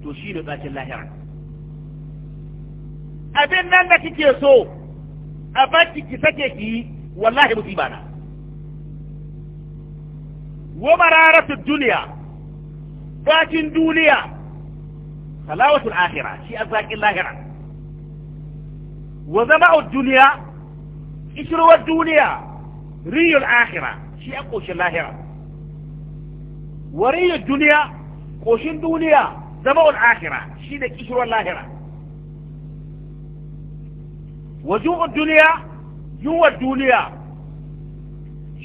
Speaker 2: تشيل ذاك الله أبين أنك كي ساكن كيسكي والله مصيبانا ومرارة الدنيا ذاك الدنيا تلاوة الآخرة شيء أزاك اللاهرة وزمع الدنيا إشروا الدنيا ري الآخرة شيء أقوش اللاهرة وري الدنيا قوشين دنيا زمع الآخرة شيء لك إشروا اللاهرة
Speaker 3: وجوع الدنيا جوع الدنيا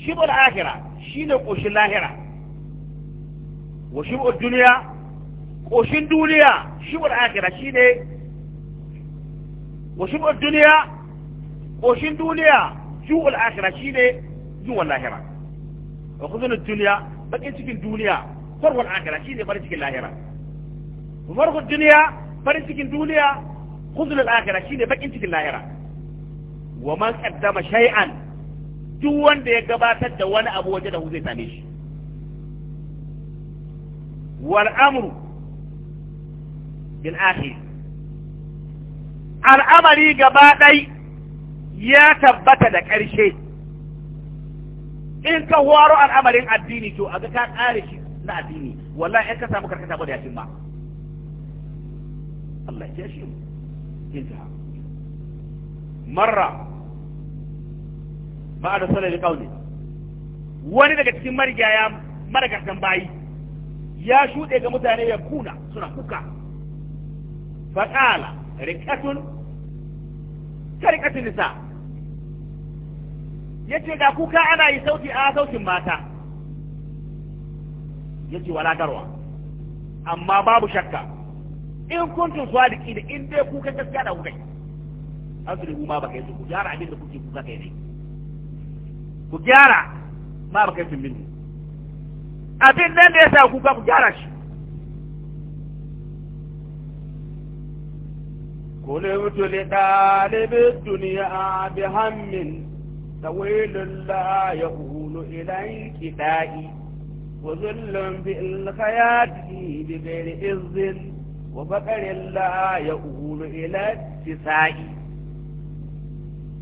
Speaker 2: شبع الآخرة شيء قوش اللاهرة وشبع الدنيا قوشين دنيا shibul akira shine wa shibul duniya koshin duniya ju'ul akira shine ju'ul lahira wa khuzul duniya bakin cikin duniya farwal akira shine farin cikin lahira farkon duniya farin cikin duniya khuzul akira shine bakin cikin lahira wa man kaddama shay'an duk wanda ya gabatar da wani abu wajen da hu zai same shi wal amru bil al al'amari gaba ɗai ya tabbata da ƙarshe in ka waro al'amarin addini to a ga ka ƙare shi na addini wallahi in ka samu karkata ba da yasin ba Allah ya shi ta marra ba da sanar da kauli wani daga cikin marigaya maragartan bayi ya shuɗe ga mutane ya kuna suna kuka faƙala rikatun karkatun nisa ya ce ga kuka ana yi sauti a sautin mata ya ce garwa amma babu shakka in kuntun suwadiki da in dai kuka gaskiya da kuka yi an su ma baka yi su ku gyara abin da kuke kuka kai ne ku gyara
Speaker 1: ma baka yi sun
Speaker 2: abin nan da ya sa kuka ku gyara shi
Speaker 3: كلمت لطالب الدنيا بهم طويل لا يقول إليك دائي وذل في الخيات
Speaker 2: بغير إذن لا يقول إلى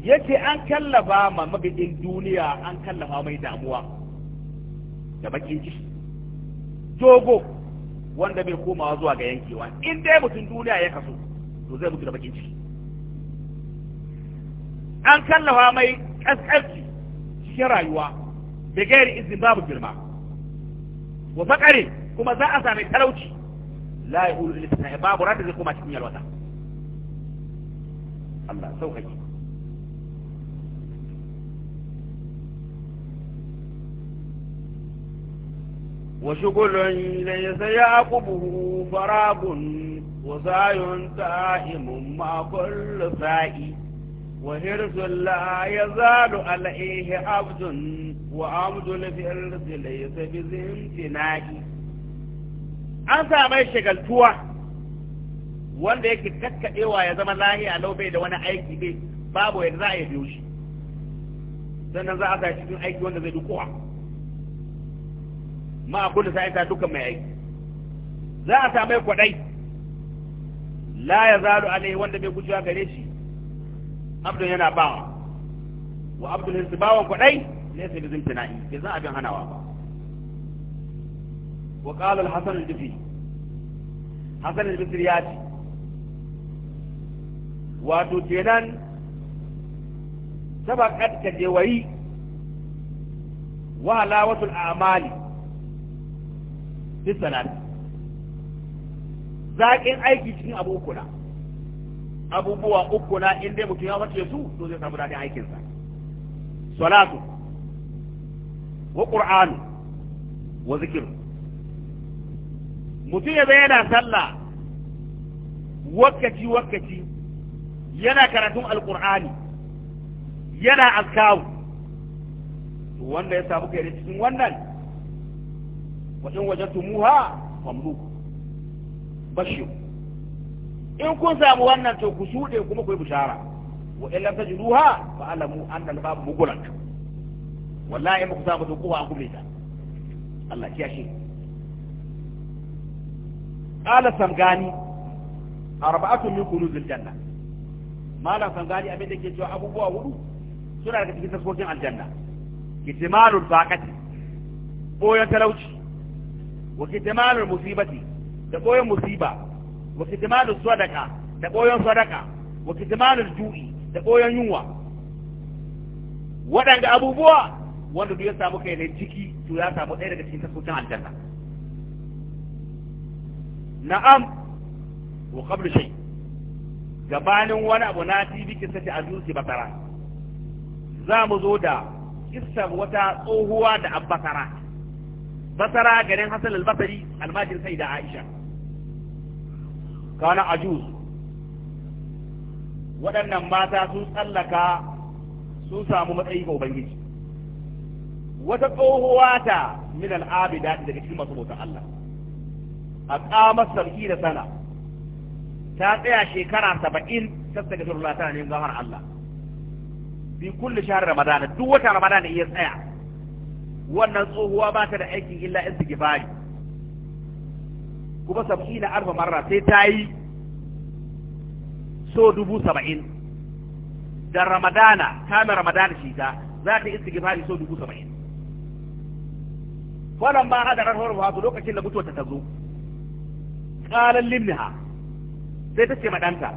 Speaker 2: yake an kallaba ma mabidin duniya an kallaba mai damuwa da bakin ciki dogo wanda bai komawa zuwa ga yankewa in dai mutum duniya ya kaso to zai mutu da bakin ciki an kallawa mai kaskanci cikin rayuwa da gairi izin babu girma wa bakare kuma za a sami talauci la ya hulu babu rata zai koma cikin yalwata Allah sauƙaƙi
Speaker 3: وشغل ليس يعقبه فراب وزاي تائم مع كل
Speaker 2: سعي وهرس لا يزال عليه عبد وعبد الفرد ليس بذي تنائي أنت sa mai توا wanda yake kakkaɗewa ya zama lahiya lau bai da wani aiki bai babu yadda za a yi biyu shi sannan za a sa cikin aiki wanda zai dukowa ma a kudu sa'ita dukan mai aiki za a samai kwaɗai la ya zaru alaihi wanda bai gujewa gare shi abdun yana bawa wa abdun hinsu bawan kwaɗai ne sai bizin tuna'i ke za a bin hanawa ba wa ƙalar Hassan hasan al-bisri ya ce wato kenan sabakat ka je wayi wa halawatul a'mali duk zaƙin aiki cikin abu uku na abubuwa uku na inda mutum ya mace su to zai samu daɗin aikinsa salatu wa ƙur'anu wa zikiru mutum ya yana sallah wakati wakati yana karatun alƙur'ani yana askawu wanda ya samu kai cikin wannan wa in wajadtumuha famluku bashir in kun samu wannan to ku shude kuma ku yi bishara wa in lam tajiduha fa alamu anna al-bab mughlan wallahi muku samu to kuwa ku lita Allah ya shi qala samgani arba'atu min kunuzil janna malam samgani abin ke cewa abubuwa hudu suna daga cikin tasfokin aljanna kitimalul baqati boyan talauci wa kitmanul musibati da koyon musiba wa kitmanul da koyon sadaqa wa ju'i da koyon yunwa waɗanda abubuwa wanda duk ya samu kai ne ciki to ya samu ɗaya daga cikin na'am wa gabanin wani abu na tibi sace a zuci basara za mu zo da kissar wata tsohuwa da abbasara بصرى جرين حسن البصري الماجر سيدة عائشة كان عجوز ودن ماتا سوس اللكا سوسا ممتعيك وبنجيش وتقوه واتا من العابدات إذا كتلما صبوت الله أقام السبكين سنة تاتع شكرا سبعين تستجد الله تاني من ظهر الله في كل شهر رمضان الدوة رمضان إيه سيعة wannan tsohuwa ba ta da aikin illa in gibari kuma na arfa marra sai ta yi so dubu saba'in da ramadana kame ramadana shi ta za ta gibari so dubu saba'in wannan ba hadarar horwa lokacin da mutuwa ta zo qalan limniha sai ta ce ma ɗanta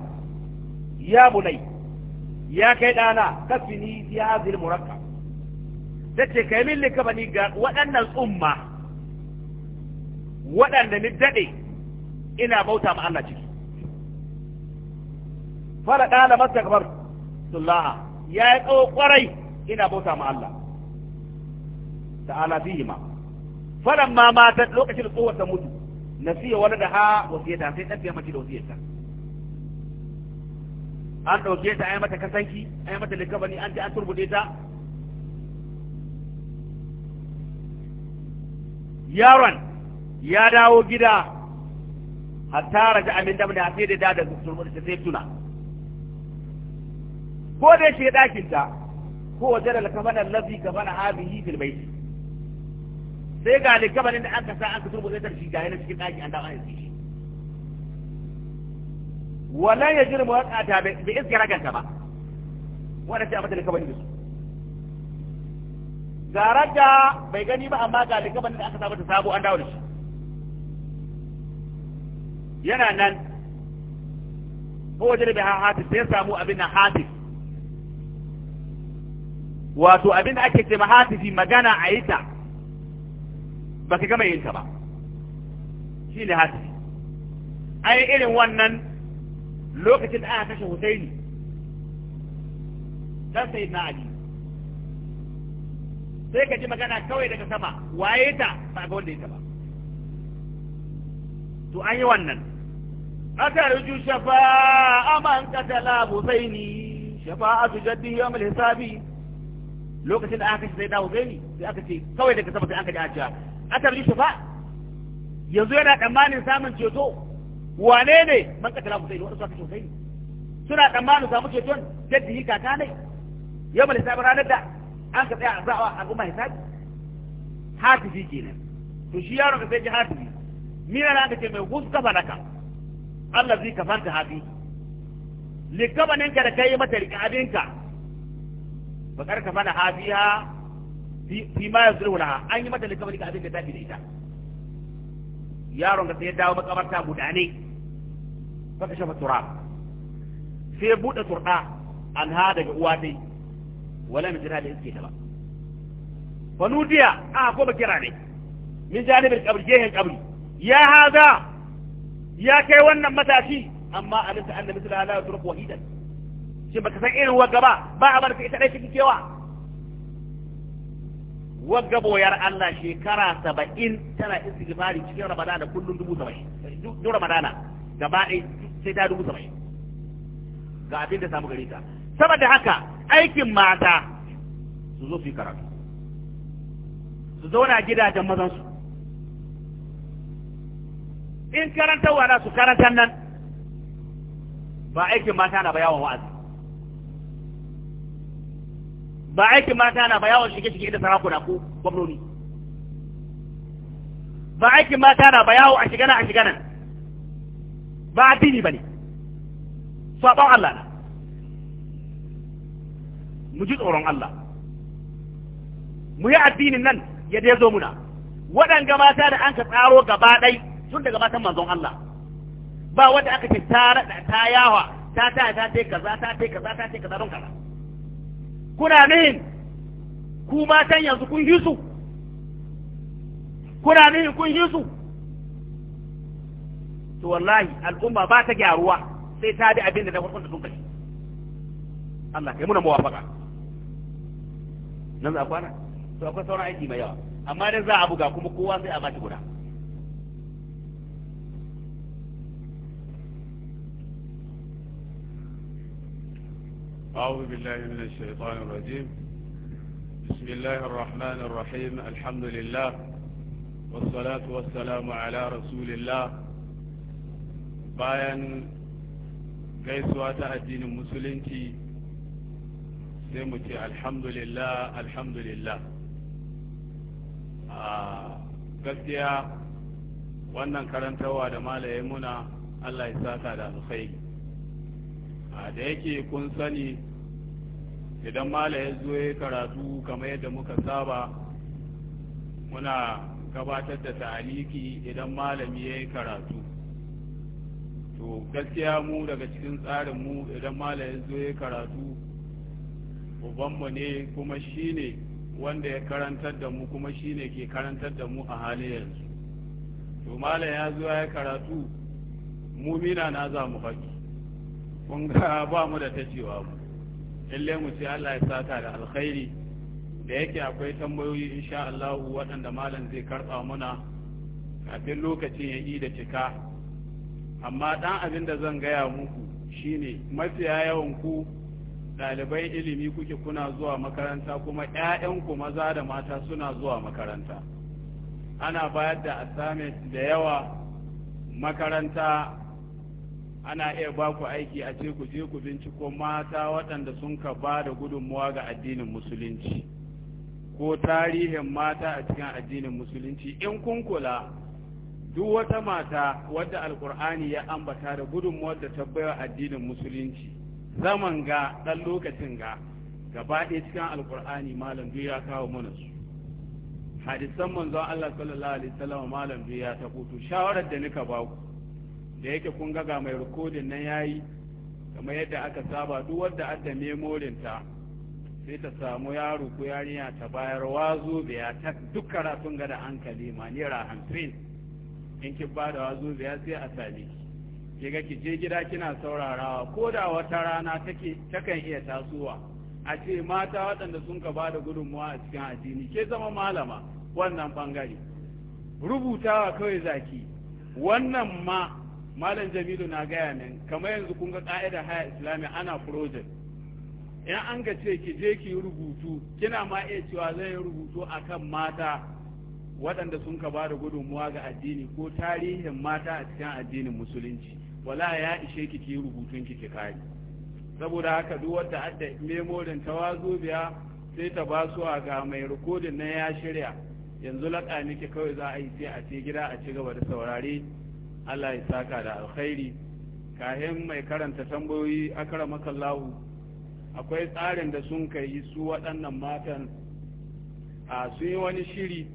Speaker 2: ya bulai ya kai ɗana kasfini ya hazil murakka Tace ce ka yi min likabani ga waɗannan umma waɗanda ni daɗe ina bauta ma Allah ciki fara ɗana masa kamar sullaha ya yi tsawo ƙwarai ina bauta ma Allah ta'ala fihi ma ma mata lokacin tsowar ta mutu nasiya wani da ha wasiyata sai ɗan fiye mace da wasiyarta an ɗauke ta an mata kasanki an mata likabani an ce an turbude ta yaron ya dawo gida hatta raja amin damar da sai da da surmur da sai tuna ko da shi dakin ta ko wajen alkamana lafi kamar habihi fil baiti sai ga alkamarin da aka sa aka turbo zaitar shi ga yana cikin daki an dawo an yi wannan ya jirma wata bi iskar ganta ba wannan ta mata alkamarin da su garar da bai gani ba amma ga ligaban da aka sabata ta sabo an dawo da shi yana nan ko wajen bai hatif sai samu abin nan hatif wato abin da ake ce fi magana a yi ta ba ka gama yin ta ba shi ne hatifi ai irin wannan lokacin da aka kashe husaini dan sai na ali sai ka ji magana kawai daga sama waye ta ba ga wanda ya ba to an yi wannan akarju shafa'a man qatala husaini shafa'atu jaddi ya al-hisabi lokacin da aka ce sai da husaini sai aka ce kawai daga sama sai aka ji ajiya cewa akarju yanzu yana tsammanin samun ceto wane ne man qatala husaini wanda suka husaini suna tsammanin samun ceton jaddi kaka ne ya al-hisabi ranar da an ka tsaya a sa'awa a goma hisabi hatifi kenan to shi yaron ka sai ji hatifi mina na ka ce mai gusta falaka Allah zai kafanta hafi likabanin ka da kai mata rikabinka bakar ka fana hafiya fi ma yazuru laha an yi mata likabanin ka abin da tafi da ita yaron ka sai ya dawo makamarta guda ne baka shafa turab sai buɗe turɗa an ha daga uwa dai wala min jira da iske ta ba fa a ko ba kira ne min janibin kabri gehen kabri ya haza ya kai wannan matashi amma alinta anna misla la yusruk wahidan shi baka san irin wagga ba ba a barka ita dai cikin kewa wagga boyar Allah shekara saba'in tana istighfari cikin Ramadana kullum dubu saba'in duk sai ta dubu ga abin da samu ta saboda haka aikin mata su zo su yi karatu su zauna gidajen mazansu in karanta na su karanta nan ba aikin mata na ba yawon wa'azi ba aikin mata na ba yawon shige-shige inda sarakuna ko gwamnoni ba aikin mata na ba yawo a shigana a shiganan ba addini ba ne saɓon Allah na mu ji tsoron Allah mu yi addinin nan ya dai zo muna waɗanga mata da an ka tsaro gaba ɗai sun daga matan manzon Allah ba wanda aka ce ta ta yawa ta ta ta ta kaza ta ta kaza ta ta kaza don kaza
Speaker 3: kuna nihin ku matan yanzu kun yi su kuna nihin kun yi su
Speaker 2: to wallahi al'umma ba ta gyaruwa sai ta bi abin da na farkon da sun kashi Allah kai muna mawafaka nan za a kwana to akwai sauran aiki mai yawa amma dan za a buga kuma kowa sai a bashi guda
Speaker 1: أعوذ بالله من الشيطان الرجيم بسم الله الرحمن الرحيم الحمد لله والصلاة والسلام على رسول الله bayan gaisuwa ta addinin musulunci sai mu ce alhamdulillah alhamdulillah a ah, gaskiya wannan karantarwa da malaye muna Allah ya saka da alkhairi a ah, da yake kun sani idan malaye zo ya karatu kamar yadda muka saba muna gabatar da ta'aliki idan malami ya yi karatu to gaskiya mu daga cikin tsarin mu idan malaye zo ya karatu ubanmu ne kuma shi ne wanda ya karantar da mu kuma shi ne ke karantar da mu a halin yanzu to malam ya zo ya karatu mumina na za mu haƙi kun ga ba mu da ta cewa mu lalle mu ce Allah ya sata da alkhairi da yake akwai tambayoyi insha Allah waɗanda malam zai karɓa muna kafin lokacin ya yi da cika amma ɗan abin da zan gaya muku shine mafiya yawan ku ɗalibai ilimi kuke kuna zuwa makaranta kuma 'ya'yanku maza da mata suna zuwa makaranta ana bayar da assignment da yawa makaranta ana iya ba ku aiki a ce ku je ku binciko mata waɗanda sun ka ba da gudunmuwa ga addinin musulunci ko tarihin mata a cikin addinin musulunci in kun kula duk wata mata wadda alkur'ani ya ambata da gudunmuwar da ta baiwa addinin musulunci zaman ga ɗan lokacin ga gaba ɗaya cikin alkur'ani malam duk ya kawo mana su hadisan manzon Allah sallallahu alaihi wasallam malam duk ya ta kuto shawarar da nika ba da yake kun ga ga mai rikodin nan yayi kamar yadda aka saba duk wanda adda memorin ta sai ta samu yaro ko yarinya ta bayar wazo biya ta duk karatun ga da hankali ma naira hamsin in kin ba da wazo biya sai a same ki ga je gida kina saurarawa ko da wata rana take takan iya tasowa a ce mata waɗanda sun ka bada gudunmuwa a cikin addini ke zama malama wannan bangare rubutawa kawai zaki wannan ma malam jamilu na gaya min kamar yanzu kun ga ka'idar haya islami ana project in an ga ce ki je ki rubutu kina ma iya cewa zan yi rubutu akan mata waɗanda sun ka bada da gudunmuwa ga addini ko tarihin mata a cikin addinin musulunci wala ya ishe ki ki rubutun ki ki kare saboda haka duk wanda adda memorin tawazu biya sai ta ba su ga mai rikodin na ya shirya yanzu laƙa miki kawai za a yi sai a ce gida a ci gaba da saurare Allah ya saka da alkhairi kahin mai karanta tambayoyi kallahu akwai tsarin da sun kai su waɗannan matan a sun yi wani shiri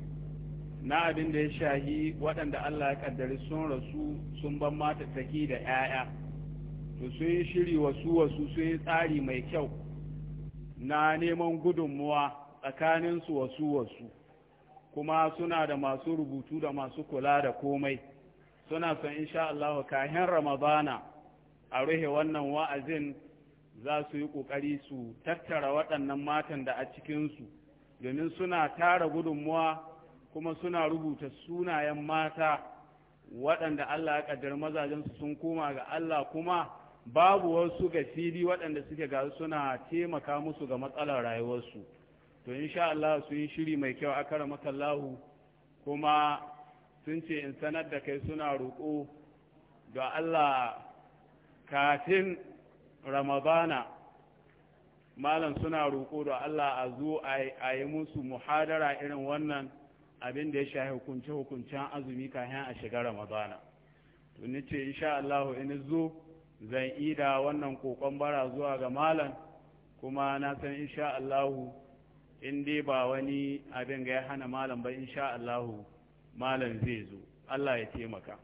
Speaker 1: na abin da ya shahi waɗanda Allah ya kaddari sun rasu sun ban mata taki da 'ya'ya to sun yi shiri wasu wasu sun yi tsari mai kyau na neman gudunmuwa tsakaninsu wasu wasu kuma suna da masu rubutu da masu kula da komai suna son insha Allah kahin Ramadana a ruhe wannan wa'azin za su yi ƙoƙari su tattara waɗannan matan da a cikinsu domin suna tara gudunmuwa kuma suna rubuta sunayen mata waɗanda Allah ya ƙaddar mazajensu sun koma ga Allah kuma babu wasu ga fili waɗanda suke ga suna taimaka musu ga matsalar rayuwarsu to insha Allah su yi shiri mai kyau a kara makallahu kuma sun ce in sanar da kai suna roƙo da Allah kafin ramadana malam suna roƙo da Allah a zo a yi musu muhadara irin wannan abin da ya sha hukunce hukuncen azumi kafin a shiga ramadana to ni ce insha Allah in zo zan ida wannan kokon bara zuwa ga malam kuma na san insha Allah in dai ba wani abin ga ya hana malam ba insha Allah malam zai zo Allah ya taimaka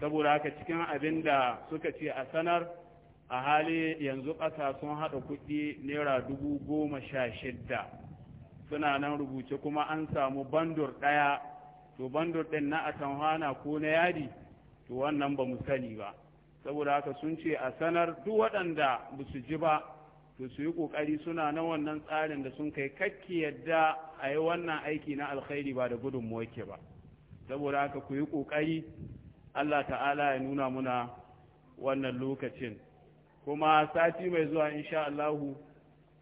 Speaker 1: saboda haka cikin abin da suka ce a sanar a hali yanzu ƙasa sun haɗa kuɗi naira dubu goma sha shidda suna nan rubuce kuma an samu bandur ɗaya to bandur ɗin na atanhana ko na yadi to wannan ba mu sani ba saboda haka sun ce a sanar duk waɗanda ba su ji ba to su yi ƙoƙari suna na wannan tsarin da sun kai kakki yadda a yi wannan aiki na alkhairi ba da gudun ke ba saboda haka ku yi ƙoƙari allah ta'ala ya nuna muna wannan lokacin kuma sati mai zuwa insha allahu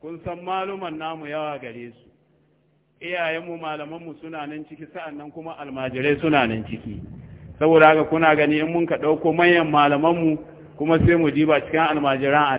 Speaker 1: kun san maluman namu yawa gare su iyayenmu malamanmu suna nan ciki sa'annan kuma almajirai suna nan ciki saboda haka kuna gani in mun ka ɗauko manyan malamanmu kuma sai mu diba cikin almajiran a